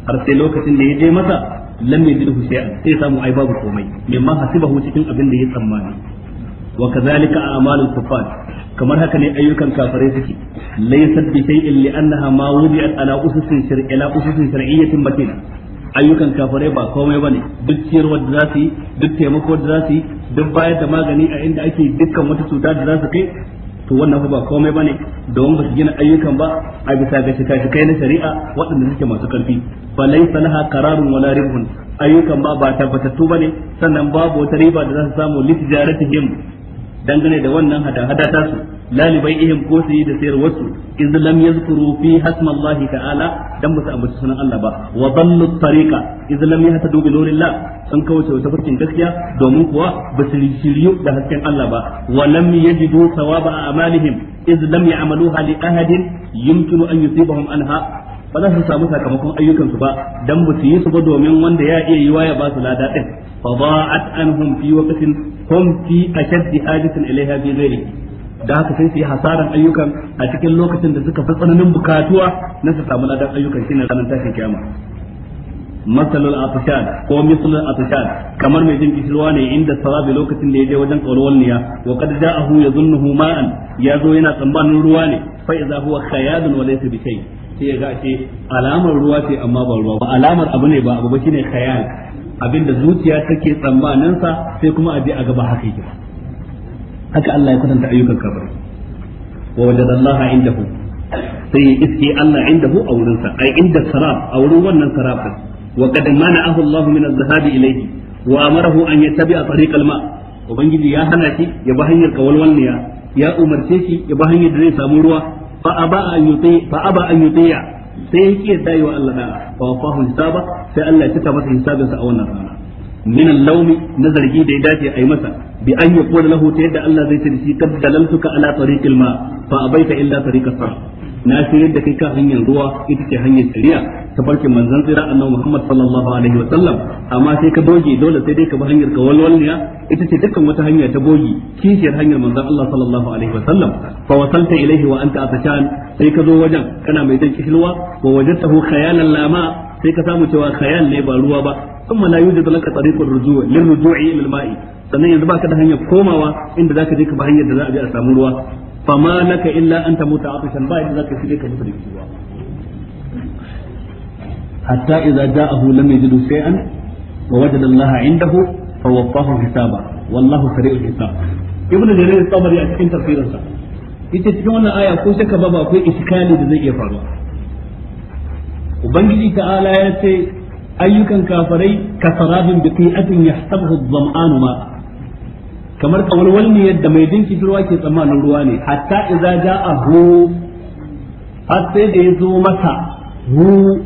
har sai lokacin da ya je masa lam yajidhu shay'an sai samu ai babu komai mimma hasibahu cikin abin da ya tsammani wa kadhalika a'malul kuffar kamar haka ne ayyukan kafirai suke laysat bi shay'in li'annaha ma wudi'at ala ususin shar'i ala ususin shar'iyyatin batina ayyukan kafirai ba komai bane duk ciyarwa da yi duk taimako da yi duk bayar da magani a inda ake dukkan wata cuta da zasu kai to wannan ba komai bane don ba su gina ayyukan ba a bisa ga shika kai na shari'a waɗanda suke masu karfi fa laysa laha qararun wala ribhun ayyukan ba ba tabbatattu bane sannan babu wata riba da za su samu litijaratihim dangane da wannan hada-hada tasu lalibaihim ko su yi da sayar wasu in lam yazkuru fi hasmallahi ta'ala dan musu ambaci sunan Allah ba wa dallu tariqa in lam yahtadu bi nurillah sun kauce wata farkin gaskiya domin kuwa ba su shiryu da hasken Allah ba wa lam yajidu thawaba amalihim in lam ya'maluha li ahadin yumkinu an yusibahum anha ba za su samu sakamakon ayyukansu ba dan ba su yi su ba domin wanda ya iya yiwa ya ba su lada din fa ba'at anhum fi waqtin hum fi ashaddi hajatin ilaiha bi ghairi da haka sai su yi hasaran ayyukan a cikin lokacin da suka fi tsananin bukatuwa na su samu ladan ayyukan shine ranar tashin kiyama masalul atashan ko misalul atashan kamar mai jin kishirwa ne inda sawabi lokacin da ya je wajen tsoron niya wa kad ja'ahu yadhunnuhu ma'an yazo yana tsammanin ruwa ne fa idza huwa khayalun wa laysa bi shay sai ya ga ce alamar ruwa ce amma ba ruwa ba alamar abu ne ba abu ba shine khayal abinda zuciya take tsammanin sa sai kuma a je a gaba haka haka Allah ya kwatanta ayyukan kafirai wa wajadallaha indahu sai ya iske Allah indahu a wurin sa ai inda sarab a wurin wannan sarab wa qad mana'ahu Allah min adh-dhahabi ilayhi wa amarahu an yattabi'a tariq al-ma ubangiji ya hana shi ya bi hanyar kawalwalniya ya umarce shi ya bi hanyar da zai samu ruwa fa aba an yuti fa aba an yutiya sai ya Allah fa hisaba sai Allah ya cika masa hisabinsa a wannan rana min al-lawm na zargi da ya dace a yi masa bi an yaqulu lahu ta yadda Allah zai ce da shi kad dalaltuka ala tariqil ma fa abaita illa tariqas sarf na shiryar da kai ka hanyar ruwa ita ce hanyar shari'a ta barke manzan tsira annabi Muhammad sallallahu alaihi wa sallam amma sai ka doge dole sai dai ka bi hanyar kawalwalniya ita ce dukkan wata hanya ta bogi kishiyar hanyar manzan Allah sallallahu alaihi wa sallam fa wasalta ilaihi wa anta atashan sai ka zo wajen kana mai dan kishilwa wa wajadtahu khayalan lama sai ka samu cewa khayal ne ba ruwa ba kuma la yujadu laka tariqur rujuu lirruju'i ila al-ma'i sannan yanzu baka da hanyar komawa inda zaka je ka bi hanyar da za a bi a samu ruwa fama naka illa an tamuta atishan ba yadda zaka shige ka mutu da kiwa hatta idza ja'ahu lam yajidu shay'an wa wajada Allah indahu fa waffahu hisaba wallahu sari'ul hisab ibn jarir al-tabari a cikin tafsirinsa yace cikin wannan aya ko shakka ba akwai iskali da zai iya faruwa ubangiji ta'ala ya ce ayyukan kafarai kasarabin biqi'atin yahsabuhu adh kamar kawalwal ne yadda mai dinki ruwa ke tsammanin ruwa ne hatta idza jaa hu har sai da zo masa hu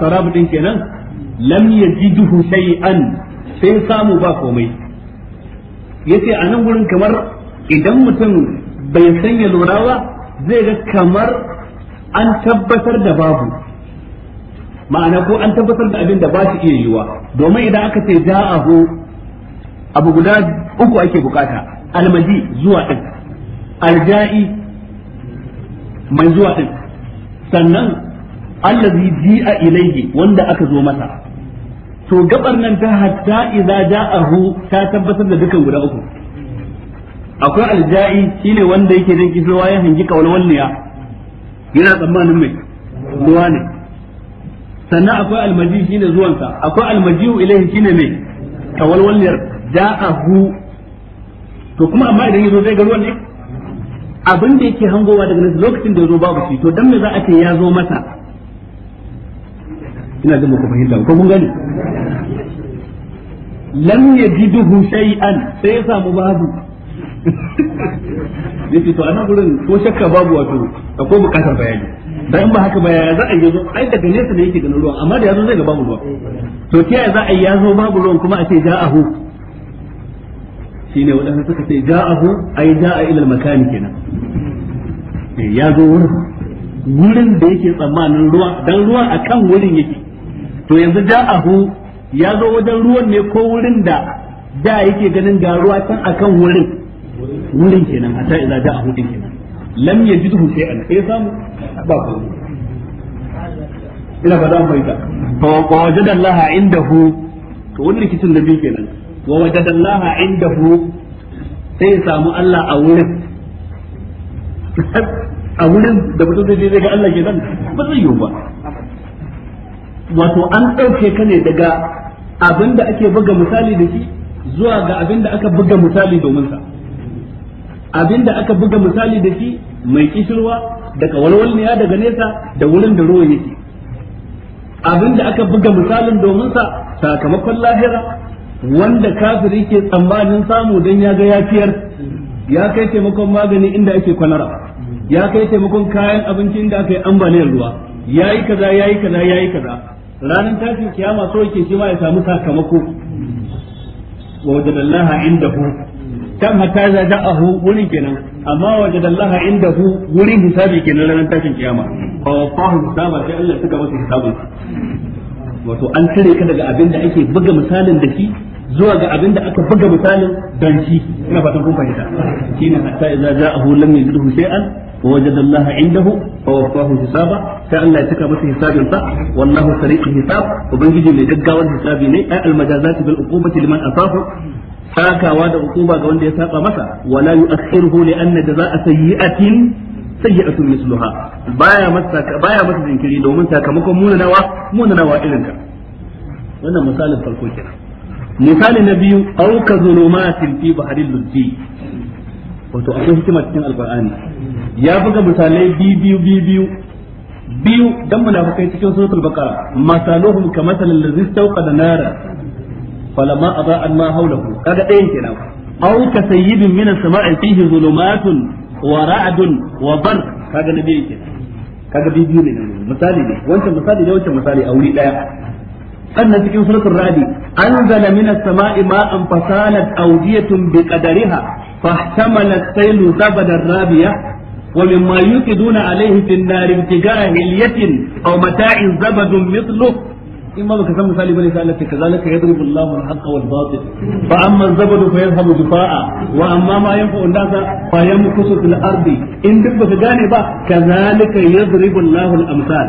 sarab din kenan lam yajiduhu shay'an sai samu ba komai yace a nan gurin kamar idan mutum bai sanya lura ba zai ga kamar an tabbatar da babu ma'ana ko an tabbatar da abin da ba shi iya yiwa domin idan aka ce hu abu guda uku ake bukata almaji zuwa din alja'i mai zuwa din sannan allazi ji'a ilaihi wanda aka zo masa to gabar nan ta hatta idza ja'ahu ta tabbatar da dukan guda uku akwai alja'i shine wanda yake jin kisirwa ya hangi kawalwalniya yana tsammanin mai ruwa ne sannan akwai almaji shine zuwansa akwai almaji ilaihi shine mai kawalwalniyar ja'ahu to kuma amma idan yazo zai ga ruwan ne abin da yake hangowa daga nan lokacin da yazo babu shi to dan me za a ce ya zo masa ina da muku fahimta ko kun gani lam yajiduhu shay'an sai ya samu babu yace to ana gurin ko shakka babu wato akwai bukatar bayani dan ba haka ba ya za a yazo ai daga nesa ne yake ganin ruwan amma da yazo zai ga babu ruwan to kiyaye za a yazo babu ruwan kuma a ce ja'ahu shine waɗanda suka ce ja'ahu ai a ilal makani kenan eh, ya zo wurin wurin da yake tsammanin ruwa dan ruwa akan wurin yake to yanzu ja ja'ahu ya zo wajen ruwan ne ko wurin da da yake ganin ga ruwa can akan wurin wurin kenan hatta ja ja'ahu din kenan lam yajidhu shay'an sai samu ba ko ina ba dan bai ta fa wajada Allah indahu to wannan rikicin da bi kenan wa wajadallaha indahu sai ya samu Allah a wurin a wurin da mutum zai zai ga Allah ke nan ba zai yiwu ba wato an ɗauke ka ne daga abin da ake buga misali da shi zuwa ga abin da aka buga misali domin sa abin da aka buga misali da shi mai kishirwa daga ya daga nesa da wurin da ruwa yake abin da aka buga misalin domin sa sakamakon lahira wanda kafiri ke tsammanin samu don ya ga yafiyar ya kai taimakon magani inda ake kwanara ya kai taimakon kayan abinci inda aka yi ambaliyar ruwa ya yi kaza ya yi kaza ya yi kaza ranar tashin kiyama so yake shi ma ya samu sakamako wa wajadallaha indahu tam hatta za da'ahu wurin kenan amma wajadallaha indahu wurin hisabi kenan ranar tashin kiyama fa wafahu hisaba sai Allah suka masa hisabin wato an cire ka daga abin da ake buga misalin da shi zuwa ga abin da aka buga misalin danci ina fatan kun fahimta shine hatta idza ja'ahu lam yajidhu shay'an wa wajada Allah indahu fa wafahu hisaba ta Allah ya tuka masa hisabin sa wallahu sari'ul hisab ubangiji mai gaggawar hisabi ne ai almajazati bil uqubati liman asafa sakawa da hukuma ga wanda ya saba masa wala yu'akhiruhu li anna jazaa'a sayyi'atin sayyi'atun misluha baya masa baya masa jinkiri domin sakamakon munanawa munanawa irin ka wannan misalin farko kenan misali na biyu auka zulumatin fi baharil lujji wato akwai hikima cikin alqur'ani ya buga misalai biyu biyu biyu biyu dan munafikai cikin suratul baqara masaluhum kamathal ladzi istawqada nara falamma adaa ma hawlahu kaga ɗayan kenan aw ka sayyibin min as-sama'i fihi zulumatun wa ra'dun wa bar kaga nabi kenan kaga biyu ne misali ne wancan misali ne wancan misali a wuri daya sannan cikin suratul radi anzala minas sama'i ma'an fasalat awdiyatun biqadariha fahtamalat saylu zabadan rabiya wa mimma yuqiduna alayhi fin nar ibtigaa hilyatin aw mata'in zabadun mithluh in ma baka san misali bane sai Allah ta kazalika yadribu Allahu al-haqqa wal batil fa amma az-zabadu fa yadhhabu difaa wa amma ma yanfa'u an-nasa fa yamkusu fil ardi in duk baka gane ba kazalika yadribu Allahu al-amsal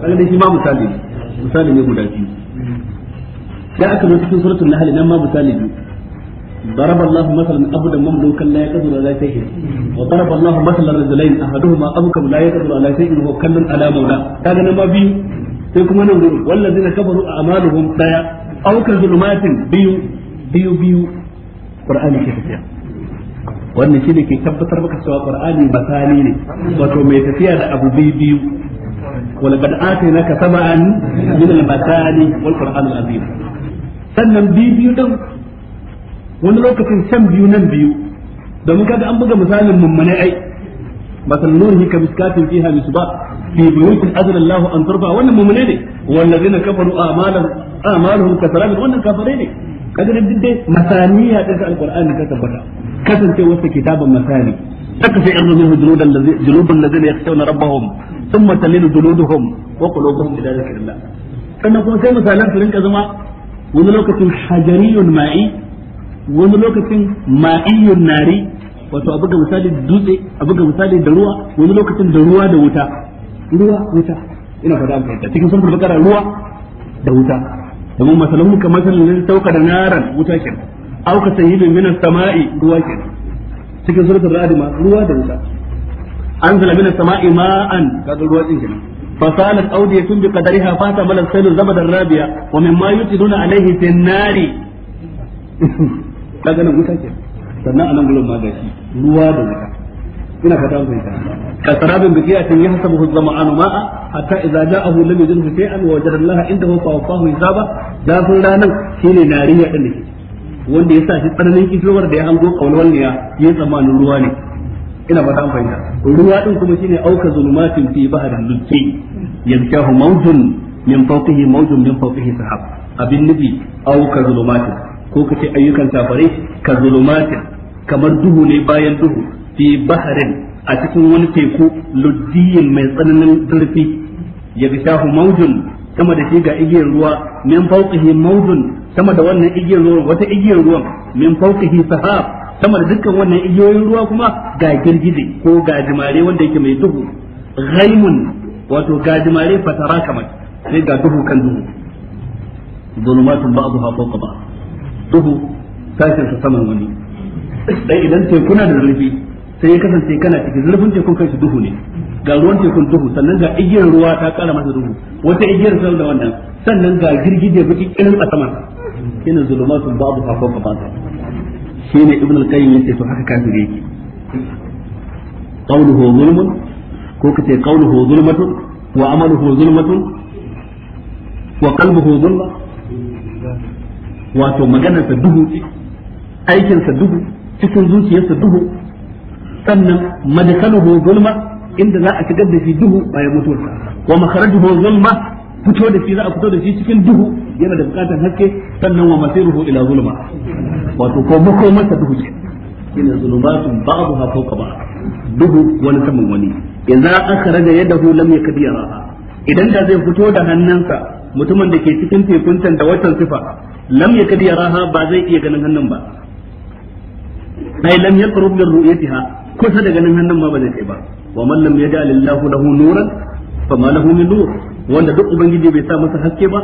kaga dai shi ma misali ne misali ne guda biyu da aka zo cikin suratul nahl nan ma misali biyu ضرب الله مثلا عبدا مملوكا لا يقدر على شيء وضرب الله مثلا رجلين احدهما ابكم لا يقدر على شيء وهو كل على مولاه هذا ما بي sai kuma nan gurin kabaru kafaru a amaluhum daya aw ka zulumatin biyu biyu biyu qur'ani ke wannan shine ke tabbatar maka cewa qur'ani basani ne wato mai tafiya da abu biyu biyu ولقد آتيناك سبعا من المثاني والقرآن العظيم sannan biyu biyu din wani lokacin can biyu nan biyu domin kaga an buga misalin mummune ai masal nuhi ka miskatin fiha misba fi buyutin azra Allah an turba wannan mummune ne wallazina kafaru amalan amaluhum ka sarabi wannan kafare ne kaga din dai masaniya da alqur'ani ka tabbata kasance wata kitabun masani أكفئن منه na جلود الذين يخشون ربهم ثم تلين جلودهم وقلوبهم إلى ذكر الله sannan kuma sai misalan su rinka zama wani lokacin hajariyun ma'i wani lokacin ma'iyun nari wato abu ga misali dutse abu ga misali da ruwa wani lokacin da ruwa da wuta ruwa wuta ina fada an fahimta cikin sun furfakara ruwa da wuta domin masalan muka masalan ne sauka da naran wuta ke auka sayyidin minas sama'i ruwa ke cikin suratul ra'd ma ruwa da wuta anzala as sama'i ma'an kaga ruwa din kenan fasalat awdiyatun bi qadariha fata sayl sailu ar rabiya wa mimma yutiduna alayhi an nari kaga nan wuta kenan sannan anan gurin ma gashi ruwa da wuta ina fata mun ta kasarabin qiyatin yahsabuhu az-zama'anu ma'a hatta idza ja'ahu lam yajidhu shay'an wa wajada Allah indahu fa wafahu hisaba da sun ranan shine nariya din da wanda ya sa shi tsananin kishirwar da ya hango kaunawar ne ya yi tsammanin ruwa ne ina ba ta amfani ruwa din kuma shine auka zulumatin fi bahrin lutfi yadkahu mawjun min fawqihi mawjun min fawqihi sahab abin nufi auka zulumatin ko kace ayyukan safare ka zulumatin kamar duhu ne bayan duhu fi bahrin a cikin wani teku luddiyin mai tsananin zurfi shahu mawjun sama da shi ga igiyar ruwa min fawqihi mawdun sama da wannan igiyar ruwa wata igiyar ruwa min fawqihi sahab sama da dukkan wannan igiyoyin ruwa kuma ga girgije ko ga jimare wanda yake mai duhu ghaimun wato ga jimare fatara kamar sai ga duhu kan duhu dunumatun ba'daha fawqa ba duhu tashin sa saman wani dan idan tekuna da zurfi sai ya kasance kana cikin zurfin tekun kai duhu ne ga ruwan tekun duhu sannan ga igiyar ruwa ta kara masa duhu wata igiyar sau da wannan sannan ga girgije baki irin a saman shine zulumatun babu hafon ka bata shine ibn al-qayyim yace to haka kafiri yake qawluhu zulmun ko kace qawluhu zulmatun wa amaluhu zulmatun wa qalbuhu zulma wato maganarsa duhu aikinsa duhu cikin zuciyarsa duhu sannan madakaluhu zulma inda za a shigar da shi duhu bayan mutuwarsa wa makharajuhu zulma fito da shi za a fito da shi cikin duhu yana da bukatar haske sannan wa masiruhu ila zulma wato ko makomarsa duhu ce ina zulumatun ba'daha fawqa ba'd duhu wani saman wani idza akhraja yadahu lam yakdi idan da zai fito da hannunsa mutumin da ke cikin tekun da watan sifa lam yakdi yaraha ba zai iya ganin hannun ba ai lam yaqrub min ru'yatiha kusa da ganin hannun ma ba zai kai ba wa man lam yaj'al Allahu lahu nuran fama lahu wanda duk ubangiji bai sa masa haske ba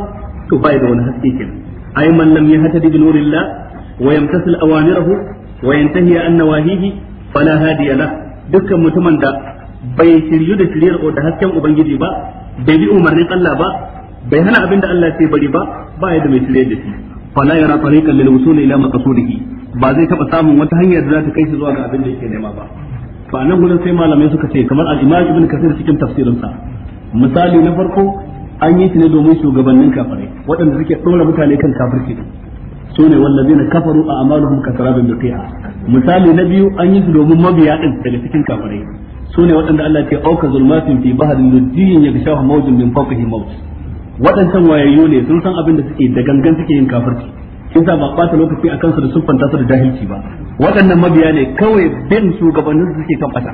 to bai da wani haske kenan ai man lam yahtadi bi nurillah wa yamtasil awamirahu wa yantahi an nawahihi fala hadiya lah dukkan mutumin da bai shiryu da shiryar da hasken ubangiji ba bai bi umarnin Allah ba bai hana abin da Allah sai bari ba ba ya da mai shiryar da shi fala yara tariqan lil wusul ila maqsudihi ba zai taba samun wata hanyar da za ta kai shi zuwa ga abin da yake nema ba Fa nan gurin sai malamai suka ce kamar al-Imam Ibn Kathir cikin tafsirin sa misali na farko an yi shi ne domin shugabannin kafirai waɗanda suke ɗora mutane kan kafirci su ne wallazina kafaru a amaluhum kasarabin biqi'a misali na biyu an yi shi domin mabiya din daga cikin kafirai su ne waɗanda Allah ke auka zulmatin fi bahrin lujjiyin yagshahu mawjun min fawqihi mawj waɗancan wayayyu ne sun san abin da suke da gangan suke yin kafirci Isa ba ɓata lokaci a kansu da siffanta su da jahilci ba waɗannan mabiya ne kawai bin shugabannin su suke kan ɓata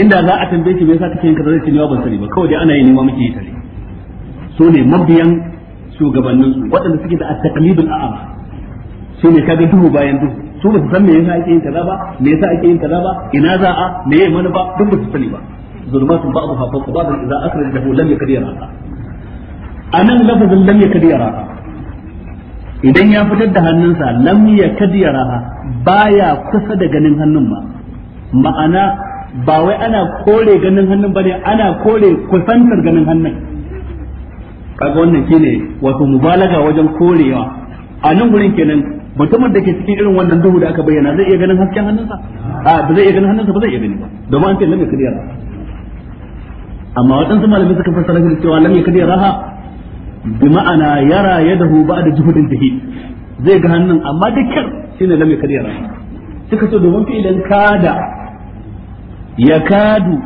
inda za a tambaye shi me yasa kake yin kaza zai ce ni ban sani ba kawai dai ana yi nema muke yi tare su ne mabiyan shugabannin su waɗanda suke da at-taqlidul a'ama. su ne kaga duhu bayan duhu su ba su san me yasa ake yin kaza ba me yasa ake yin kaza ba ina za a me yayi manufa duk ba su sani ba zulmatun ba'dha fawqa ba'd idza akhrajahu lam yakdir ra'a anan lafazin lam yakdir ra'a idan ya fitar da hannunsa lam yakad yaraha baya kusa da ganin hannun ba ma'ana ba wai ana kore ganin hannun bane ana kore kusantar ganin hannun kaga wannan ne wato mubalaga wajen korewa a nan gurin kenan mutumin da ke cikin irin wannan duhu da aka bayyana zai iya ganin hasken hannunsa a ba zai iya ganin hannunsa ba zai iya gani ba domin an ce lam yakad yaraha amma waɗansu malamai suka fassara shi cewa lam yakad yaraha bi ma'ana yara yadahu ba'da juhudin dahi zai ga hannun amma dukkan shine lam yakad yara suka so domin fi'ilin kada ya kadu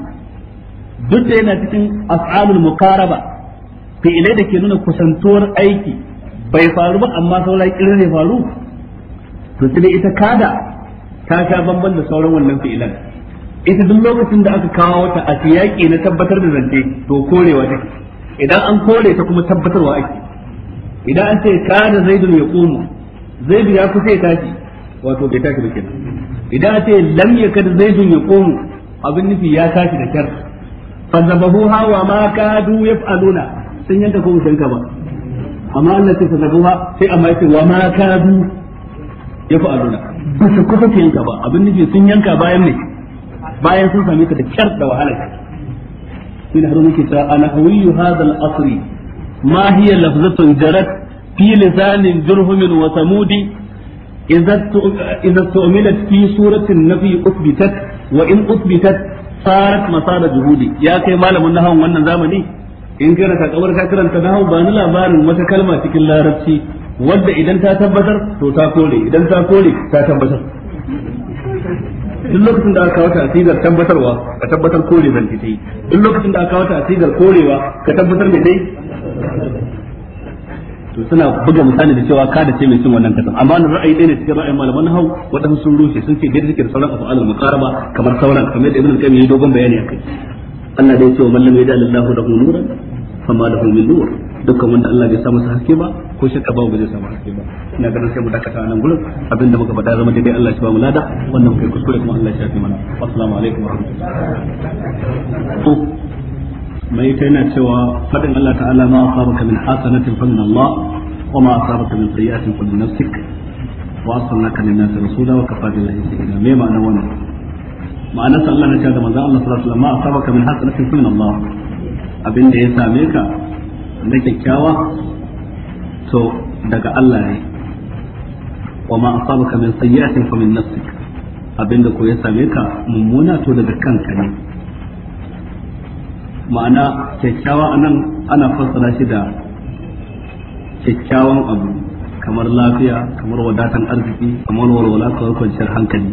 duk da yana cikin af'alul muqaraba fi'ilai da ke nuna kusantuwar aiki bai faru ba amma sauran kirin ne faru to sai ita kada ta sha bamban da sauran wannan fi'ilan ita duk lokacin da aka kawo ta a na tabbatar da zance to korewa take idan an kore ta kuma tabbatarwa ake idan an ce kana zaidun ya komo zaidu ya kusa ya tashi wato bai tashi ba kenan idan an ce lam ya kada zaidun ya komo abin nufi ya tashi da kyar fazabahu hawa ma kadu yaf'aluna sun yanka ko sun ka ba amma Allah ce fazabahu sai amma ce wa ma kadu yaf'aluna ba su kusa yanka ba abin nufi sun yanka bayan ne bayan sun sami ka da kyar da wahala shi ne harin cewa an hawiyu hadal asri ma hiya lafzatun jarat fi lisanin jurhumin wa samudi fi suratin nafi uthbitat wa in uthbitat sarat masada juhudi ya kai malamin nahawun wannan zamani in kana ka kawar ka karanta nahawu ba ni labarin wata kalma cikin larabci wanda idan ta tabbatar to ta kore idan ta kore ta tabbatar duk lokacin da aka wata ta asigar tabbatarwa ka tabbatar kore zan ta yi duk lokacin da aka wata ta asigar korewa ka tabbatar da dai to suna buga misali da cewa ka da ce mai cin wannan kasan amma wannan ra'ayi ɗaya ne cikin ra'ayin malaman hau waɗansu sun rushe sun ce daidai cikin sauran afa'al muqaraba kamar sauran kamar da ibn qayyim yi dogon bayani akai Allah dai ya ce wa mallam ya da Allahu da hunura fama da min nur dukkan wanda Allah bai samu masa haske ba ko shakka ba ba zai samu haske ba ina ganin sai mu dakata nan gurin abinda muka faɗa zama daidai Allah shi ba mu lada wannan kai kuskure kuma Allah shi ya fi mana assalamu alaikum wa rahmatullahi oh, mai ta yana cewa fadin Allah ta'ala ma asabaka min hasanatin fa min Allah wa ma asabaka min sayyi'atin fa min nafsik wa arsalnaka lin-nasi rasula wa kafa billahi shahida me ma'ana wannan ma'anar sallah na cewa da manzo Allah sallallahu alaihi wasallam ma asabaka min hasanatin fa min Allah abin da ya same ka na kyakkyawa to daga Allah ne wa ma asabaka min sayyi'atin fa min nafsik abinda ko ya same ka mummuna to daga kanka ne ma'ana kyakkyawa anan ana fassara shi da kyakkyawan abu kamar lafiya kamar wadatan arziki kamar walwala ko kwanciyar hankali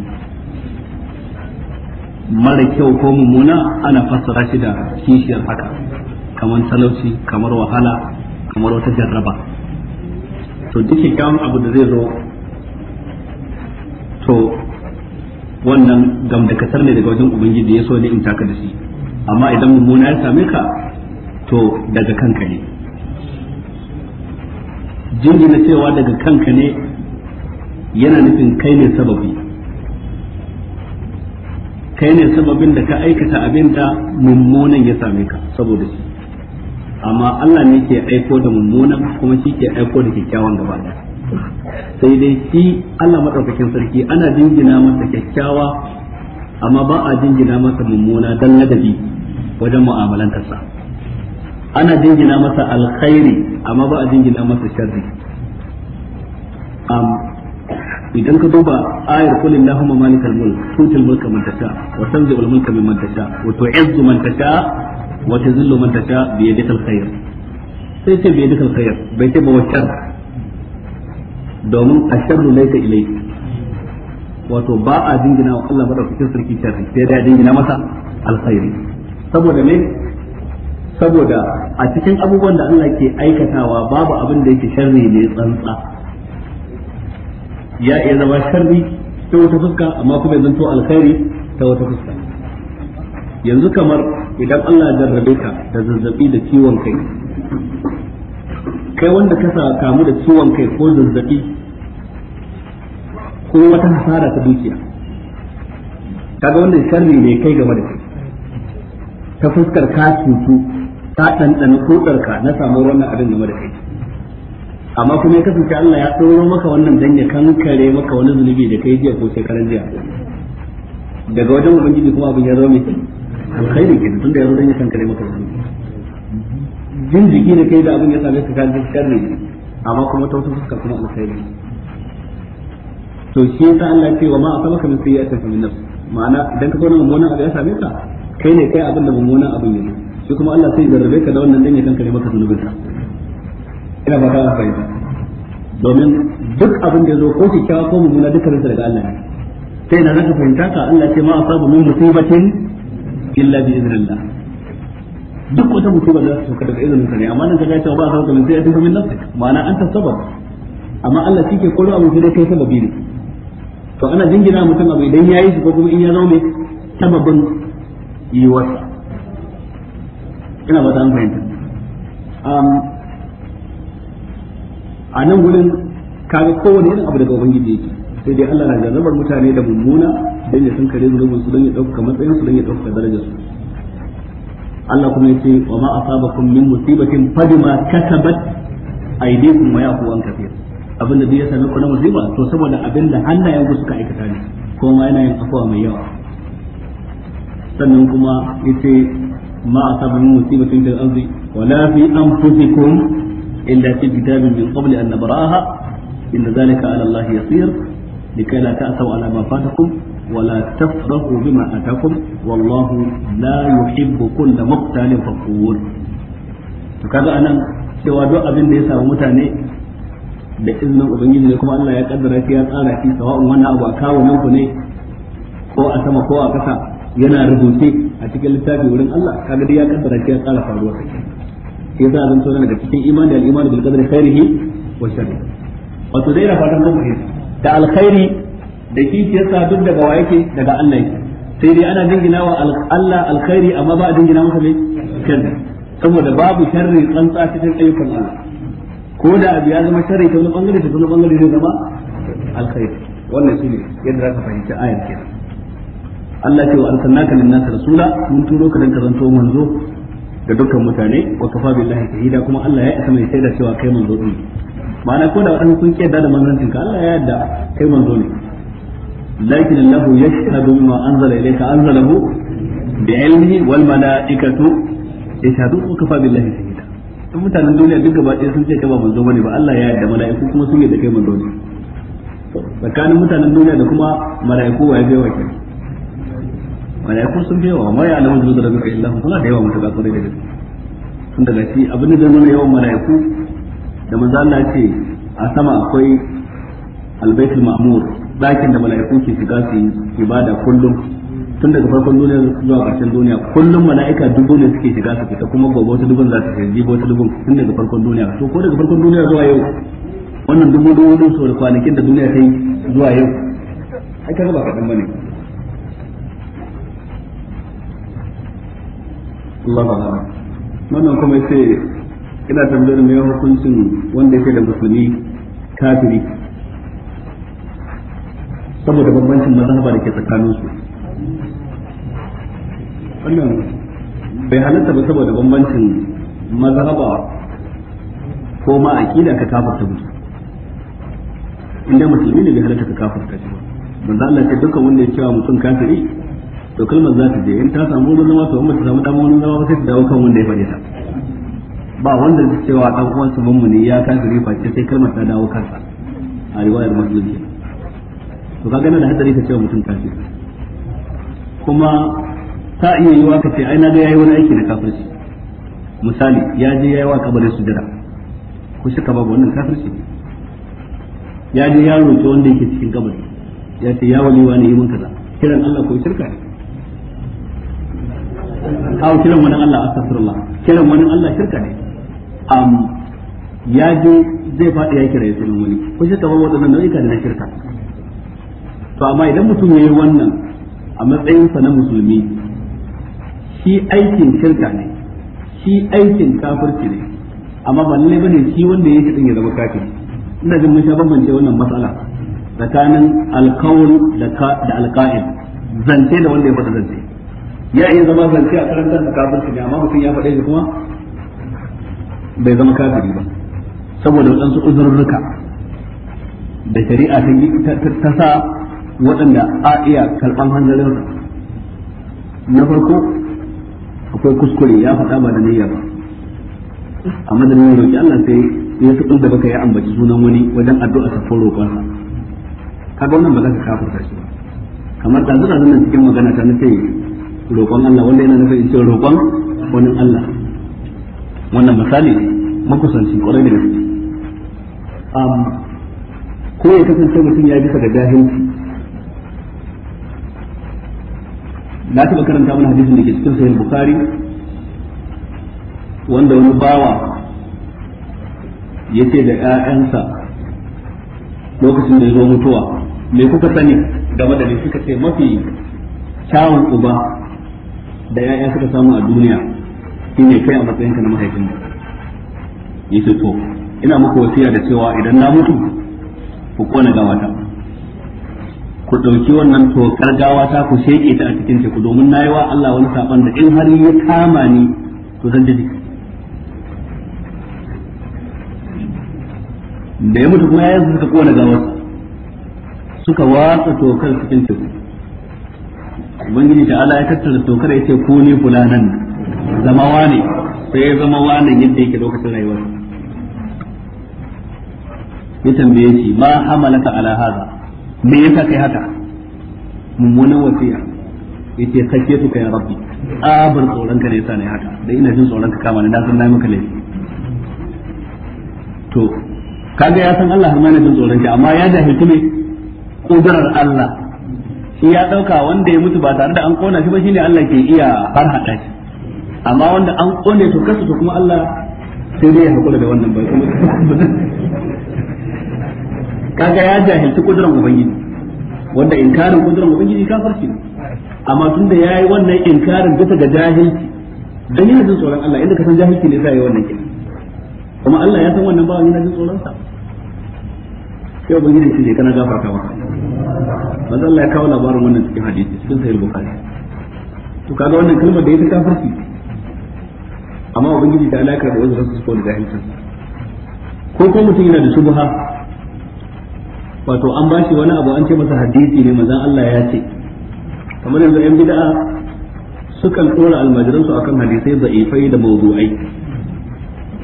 mara kyau ko mummuna ana fassara shi da kishiyar haka kamar talauci kamar wahala kamar wata jarraba to duk kyakkyawan abu da zai zo to wannan gamdakatar ne daga wajen ubangiji ya so ne in taka da shi amma idan mummuna ya same ka to daga kanka ne jingina cewa daga kanka ne yana nufin kai ne sababi kai ne sababin da ka aikata abin da mummunan ya same ka saboda shi amma Allah ne ke aiko da mummunan kuma shi ke aiko da kyakkyawan gaba da sai dai shi Allah madaukakin sarki ana jingina masa kyakkyawa amma ba a jingina masa mummuna dan ladabi wajen mu'amalantarsa ana jingina masa alkhairi amma ba a jingina masa sharri idan ka duba ayar kul illahumma malikal mulk tutil mulka man tasha wa tanzi'ul mulka mimman tasha wa tu'izzu man tasha wa tazillu man tasha bi yadikal khair sai ce bi yadikal khair bai ce ba washar domin asharru laika ilayka wato ba a dingina wa Allah madaukakin sarki sharri sai da dingina masa alkhairi saboda me saboda a cikin abubuwan da Allah ke aikatawa babu abin da yake sharri ne tsantsa ya iya zama sharri ta wata fuska amma kuma ya zanto alkhairi ta wata fuska yanzu kamar idan Allah ya jarrabe ka da zazzabi da ciwon kai kai wanda ka kamu da ciwon kai ko zazzabi ko wata hasara ta dukiya kaga wannan sharri ne kai game da kai ta fuskar ka cutu ta ɗanɗana kotsarka na samu wannan abin game da kai amma kuma ya kasance Allah ya tsoro maka wannan dan ya kankare maka wani zunubi da kai jiya ko shekaran jiya daga wajen ubangiji kuma abin ya zama mai alkhairi ke tun da ya zo dan ya kankare maka wannan jin jiki ne kai da abin ya same ka kan sharri amma kuma ta wata fuskar kuma alkhairi to shi yasa Allah ya ce wa ma asabaka min sayyi'atin min nafs ma'ana idan ka zo nan mummunan abu ya same ka kai ne kai abin da mummunan abin ya zo shi kuma Allah sai zarrabe ka da wannan dan ya kare maka zunubinka ina ba ta fahimta domin duk abin da ya zo ko kikkiawa ko mummuna dukkan sa daga Allah ne sai na zaka fahimta ka Allah ce ma asabu min musibatin illa bi idnillah duk wata mutuba da ta sauka daga izinin ne amma nan ka kaga cewa ba sa ka sai a tafi min nafsi ma'ana an ta sabar amma Allah shi ke koro abu sai kai sababi ne to ana jingina mutum abu idan yayi shi ko kuma in ya zama mai sababin wasa ina ba ta an um a nan wurin kaga kowane irin abu daga ubangiji yake sai dai Allah na jarrabar mutane da mummuna don ya san kare zulumin su dan ya dauka matsayin su dan ya dauka darajar su Allah kuma ya ce wa ma asabakum min musibatin fadima kasabat aydikum wa yafu an kafir abin da ya sami ku na musiba to saboda abin da hannayen ku suka aikata ne ko ma yana yin afuwa mai yawa sannan kuma ya ce ma saba min musibatin fil ardi wa la fi anfusikum illa fi kitabin min qabli an nabraha inna dhalika ala Allah yasir لكي لا تأسوا على ما فاتكم ولا تفرحوا بما آتاكم والله لا يحب كل مختال فخور kaga anan cewa duk abin da ya samu mutane da izinin ubangiji ne kuma Allah ya kaddara shi ya tsara shi sawa'un wani abu a kawunan ku ne ko a sama ko a kasa yana rubuce a cikin littafi wurin Allah kaga dai ya kaddara shi ya tsara faruwa sai sai za a zanto daga cikin imani al-imani bil qadri khairihi wa sharrihi wato dai na fatan mun fahimta da alkhairi da kishiyarsa duk daga wa yake daga Allah yake sai dai ana dingina wa Allah alkhairi amma ba a dingina masa mai sharri saboda babu sharri tsantsa cikin ayyukan Allah ko da abu ya zama sharri ta wani bangare ta wani bangare zai zama alkhairi wannan shine yadda zaka fahimci ayar kenan Allah ce wa arsalnaka lin-nasi rasula mun turo ka dan ka manzo da dukkan mutane wa kafa billahi shahida kuma Allah ya isa mai shaida cewa kai manzo din ma'ana ko da wani sun kiyarda da manzancin ka Allah ya yarda kai manzo ne lakin Allah yashhadu ma anzala ilayka anzalahu bi ilmihi wal malaikatu yashhadu wa kafa billahi shahida to mutanen duniya duk gaba ɗaya sun ce kai ba manzo bane ba Allah ya yarda mala'iku kuma sun yarda kai manzo ne tsakanin mutanen duniya da kuma mala'iku wa ya bai wa kai mala'iku sun bai wa ma ya alamu da rabbika illa hu kuma da yawa mutaka kwarai da gaske sun daga ci abin da zai nuna yawan mala'iku da manzo Allah ce a sama akwai albaitul ma'mur dakin da mala'iku ke shiga su yi ibada kullum tun daga farkon duniya zuwa ƙarshen duniya kullum mala'ika dubu ne suke shiga su fita kuma gobe wata dubun za su shiga jibo wata dubun tun daga farkon duniya to ko daga farkon duniya zuwa yau wannan dubu dubu dun so da kwanakin da duniya ta yi zuwa yau ai kaga raba kaɗan bane Allah ba wannan kuma sai ina tambayar mai hukuncin wanda yake da musulmi kafiri saboda bambancin mazhaba da ke tsakanin su wannan bai halatta ba saboda bambancin mazhaba ko ma aqida ka kafarta musu inda musulmi ne bai halatta ka kafarta shi ba manzo Allah ce dukkan wanda ya cewa mutum kafiri to kalmar za ta je in ta samu wani zama to in ba ta samu dama wani zama ba sai ta dawo kan wanda ya faɗi ta ba wanda zai cewa dan uwansa mummuni ya kafiri face sai kalmar ta dawo kansa a riwayar musulmi to kaga nan da hadari ta cewa mutum kafi kuma ta iya yiwa ka ce ai na ga yayi wani aiki na kafirci misali ya je yayi wa su jira, ko shi ka babu wannan kafirci ya je ya roƙi wanda yake cikin kabari ya ce ya wali wani yi mun kaza kiran Allah ko shirka ne aw kiran wani Allah astaghfirullah kiran wani Allah shirka ne ya je zai faɗi ya kira ya sunan wani ko shi kamar waɗannan nau'ika da na shirka to amma idan mutum ya yi wannan a matsayinsa na musulmi shi aikin shirka ne shi aikin kafirci ne amma ba lallai bane shi wanda yake din ya zama kafiri ina jin mun sha bambance wannan matsala tsakanin alkaul da da zance da wanda ya faɗa zance ya iya zama zance a karantar da kafirci ne amma mutum ya faɗe shi kuma bai zama kafiri ba saboda waɗansu uzurruka da shari'a ta yi ta sa waɗanda a iya karɓan hanzarin na farko akwai kuskure ya faɗa ba da niyya ba a niyya roƙi Allah sai ya tuɗu da baka ya ambaci sunan wani wajen addu'a ta foro kansa kaga wannan ba za ka kafirta shi ba kamar da zuwa nan cikin magana ta nace roƙon Allah wanda yana nufin cewa roƙon wani Allah wannan misali ne makusanci kwarai da gaske ko ya kasance mutum ya bisa ga jahilci na taɓa karanta mana hadisin da ke cikin sahih bukhari wanda wani bawa ya ce da 'ya'yansa lokacin da ya zo mutuwa me kuka sani game da ni suka ce mafi kyawun uba da 'ya'ya suka samu a duniya shine kai a matsayinka na mahaifinka yace to ina muku wasiya da cewa idan na mutu ku kona gawata ku dauki wannan tokar gawata ku sheke ta a cikin teku domin nayi wa Allah wani saban da in har ya kama ni to zan ji da ya mutu kuma ya suka kona gawar suka watsa tokar cikin teku ubangiji da Allah ya tattara tokar ya ce ku ne fulanan zama wane sai zama wanan yadda yake lokacin rayuwarsa ya tambaye shi ma hamalaka ala hada me yasa kai haka mummunan wasiya yace sake su kai rabbi abar tsoron ka ne yasa ne haka dan ina jin tsoron ka kama ni na san na maka laifi to kaga ya san Allah har ma ne jin tsoron ka amma ya jahilci ne kudurar Allah shi ya dauka wanda ya mutu ba tare da an kona shi ba shine Allah ke iya har hada shi amma wanda an kone to kasu to kuma Allah sai dai ya hakura da wannan bai kuma kaga ya jahilci kudurin ubangiji wanda inkarin kudurin ubangiji kafirci ne amma tun da yayi wannan inkarin bisa ga jahilci dan yana jin tsoron Allah inda ka san jahilci ne sai yayi wannan kin kuma Allah ya san wannan ba yana jin tsoron sa sai ubangiji shi ne kana gafarta maka manzo Allah ya kawo labarin wannan cikin hadisi cikin sahih bukhari to kaga wannan kalmar da ita kafirci amma ubangiji da alaka da wasu rasu ko da jahilci ko ko mutum yana da shubha wato an bashi wani abu an ce masa hadisi ne manzon Allah ya ce kamar yanzu yan bid'a sukan dora almajiran su akan hadisai da'ifai da mawdu'ai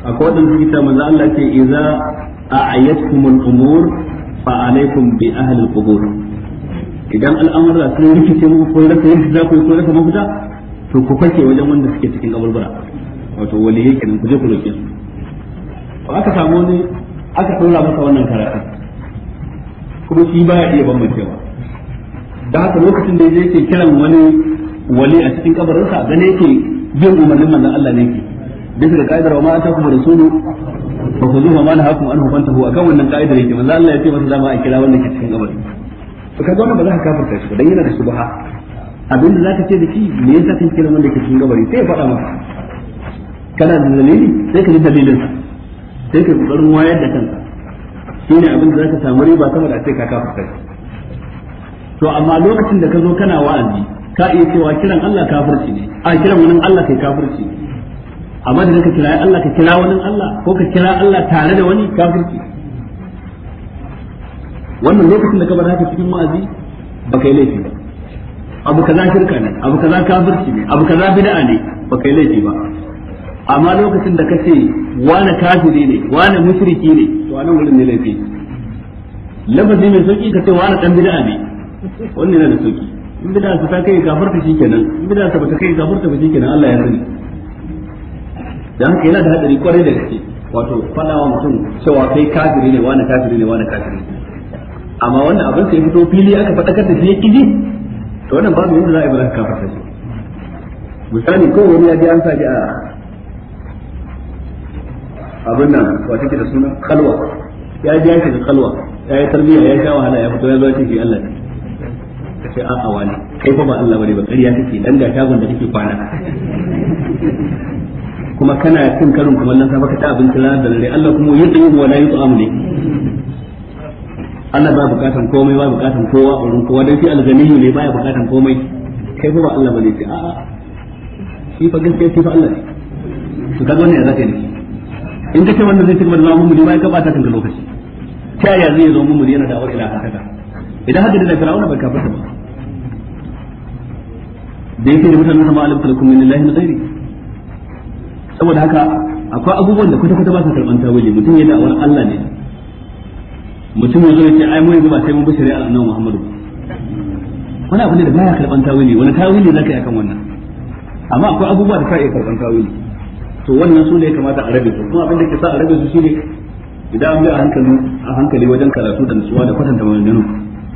akwai wadanda suke cewa manzon Allah ce idza a'ayatkum al-umur fa alaykum bi ahli al-qubur idan al'amura sun rikice muku ko rasa yadda za ku yi ko rasa mafita to ku fake wajen wanda suke cikin kaburbura wato waliyai kenan ku je ku roke su aka samu wani aka tura masa wannan karatun kuma shi baya iya bambancewa da haka lokacin da yake kiran wani wali a cikin kabarinsa da ne yake bin umarnin manzon Allah ne yake bisa ga ka'idar wa ma atakum rasulu fa khudhuhu ma an nahakum anhu fantahu akan wannan ka'idar yake manzon Allah ya ce masa dama a kira wanda ke cikin kabari to kaga wannan ba za ka kafirta shi dan yana da subha abinda zaka ce da shi me yasa kake kiran wanda ke cikin kabari sai ya faɗa maka kana da dalili sai ka ji dalilin sai ka kokarin wayar da kanka ne abin da ka samu riba sama da sai ka kafa to amma lokacin da ka zo kana wa'azi ka iya cewa kiran Allah kafirci ne a kiran wani Allah kai kafirci ne amma da ka kira Allah ka kira wani Allah ko ka kira Allah tare da wani kafirci wannan lokacin da ka bar haka cikin wa'azi ba kai laifi ba abu kaza shirka ne abu kaza kafirci ne abu kaza bid'a ne ba kai laifi ba amma lokacin da ka ce wani kafiri ne wani mushriki ne to anan wurin ne laifi lafazi mai sauki ka ce wani dan bid'a ne wannan yana da sauki in bid'a ta kai gafarta shikenan in bid'a ta bata kai gafarta ba shikenan Allah ya sani dan haka yana da hadari kwarai da gaske wato fadawa mutum cewa kai kafiri ne wani kafiri ne wani kafiri amma wannan abin sai fito fili aka fadakar da shi yake kiji to wannan babu yanda za a yi ba za ka kafarta shi misali kowa ne ya ji an sa ji a abin nan wa take da suna kalwa ya ji ya shiga kalwa ya yi tarbiyya ya sha wahala ya fito ya zo shi Allah ne ka ce a'a wani kai fa ba Allah bane ba ƙarya take dan ga shagon da kake kwana kuma kana cin karin kumallon safa ka ta abincin ranar da dare Allah kuma yin tsayin wala yin tsamu ne Allah ba bukatan komai ba bukatan kowa a wurin kowa dan shi alganiyu ne baya bukatan komai kai fa ba Allah bane ce a'a shi fa gaskiya shi fa Allah ne to kaga wannan ya zaka ne in ka ce wanda zai cigaba da zama mummuni ba ka bata kanka lokaci ta yaya zai zama mummuni yana da'awar ila haka idan haka da fir'auna bai ta ba da yake da mutanen sama alim talakum min lillahi ghairi saboda haka akwai abubuwan da kwata-kwata ba sa karban tawili mutum ya da'awar Allah ne mutum ya zo ya ce ai mu yanzu ba sai mun bi shari'ar annabi Muhammadu wani abu ne da baya karban tawili wani tawili zaka yi akan wannan amma akwai abubuwa da ka iya karban tawili to wannan su ne kamata a rabe su kuma abin da ke sa a rabe su shine idan an bi a hankali a hankali wajen karatu da nutsuwa da kwatanta maganganu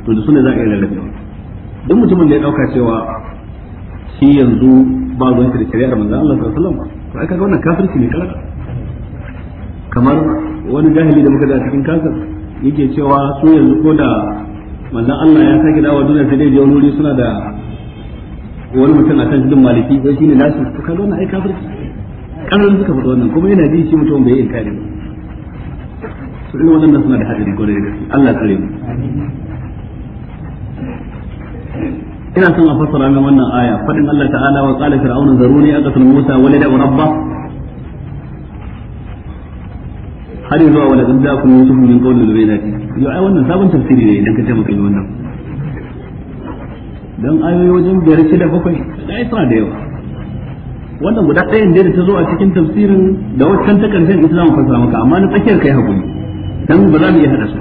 to da su ne za a iya rarrabe duk mutumin da ya dauka cewa shi yanzu ba ruwan da shari'ar manzon Allah sallallahu alaihi wasallam to ai kaga wannan kafirci ne kalaka kamar wani jahili da muka da cikin kasar yake cewa su yanzu ko da manzon Allah ya sake dawo duniya sai dai je wani wuri suna da wani mutum a kan jidin maliki ko shine nasu to kaga wannan ai kafirci ƙarar suka faɗi wannan kuma yana ji shi mutum bai yi inkari ba su irin wannan suna da hadari kwarai da su Allah kare mu ina son a fassara min wannan aya faɗin Allah ta'ala wa qala fir'aunu zaruni aqtul musa walada rabba hadin zuwa wala kan da kuma yusuf min qawli zubaydati yo ai wannan sabon tafsiri ne idan ka ce maka wannan dan ayoyi wajen biyar shida bakwai da ai suna da yawa wannan guda ɗayan ne da ta zo a cikin tafsirin da wancan ta karshen ita za mu fassara maka amma na tsakiyar kai hakuri dan ba za mu iya hada su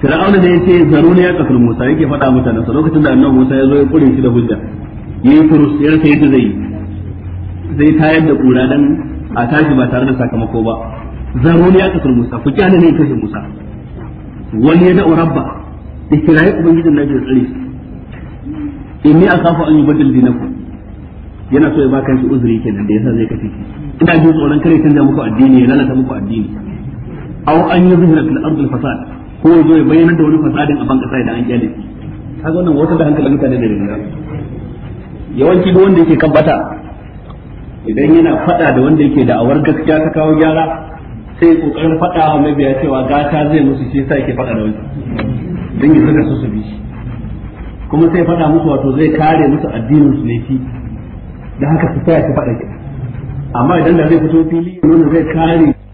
Fir'auna da yace zaruni ya kafir Musa yake faɗa mutane sa lokacin da annabi Musa ya zo ya kure shi da hujja yayi furus ya rasa yadda zai zai tayar da kura dan a tashi ba tare da sakamako ba zaruni ya kafir Musa ku kyale ne kashe Musa wani ya da'u rabba da kirayi ubangijin nan ya tsare inni akhafu an yubaddil dinakum yana so ya ba kanshi uzuri kenan da yasa zai kafi ina jin tsoron kare canza muku addini ya lalata muku addini aw an yi zuhra fil ardi fasad ko zo ya bayyana da wani fasadin a banka sai da an kyale shi kaga wannan wata da hankalin mutane da rinda yawanci duk wanda yake kan bata idan yana fada da wanda yake da awar gaskiya ta kawo gyara sai kokarin fada wa biya cewa gata zai musu shi sai yake fada da wani dan yi saka su su bi kuma sai fada musu wato zai kare musu addinin su ne fi da haka su tsaya su faɗa amma idan da zai fito fili nuna zai kare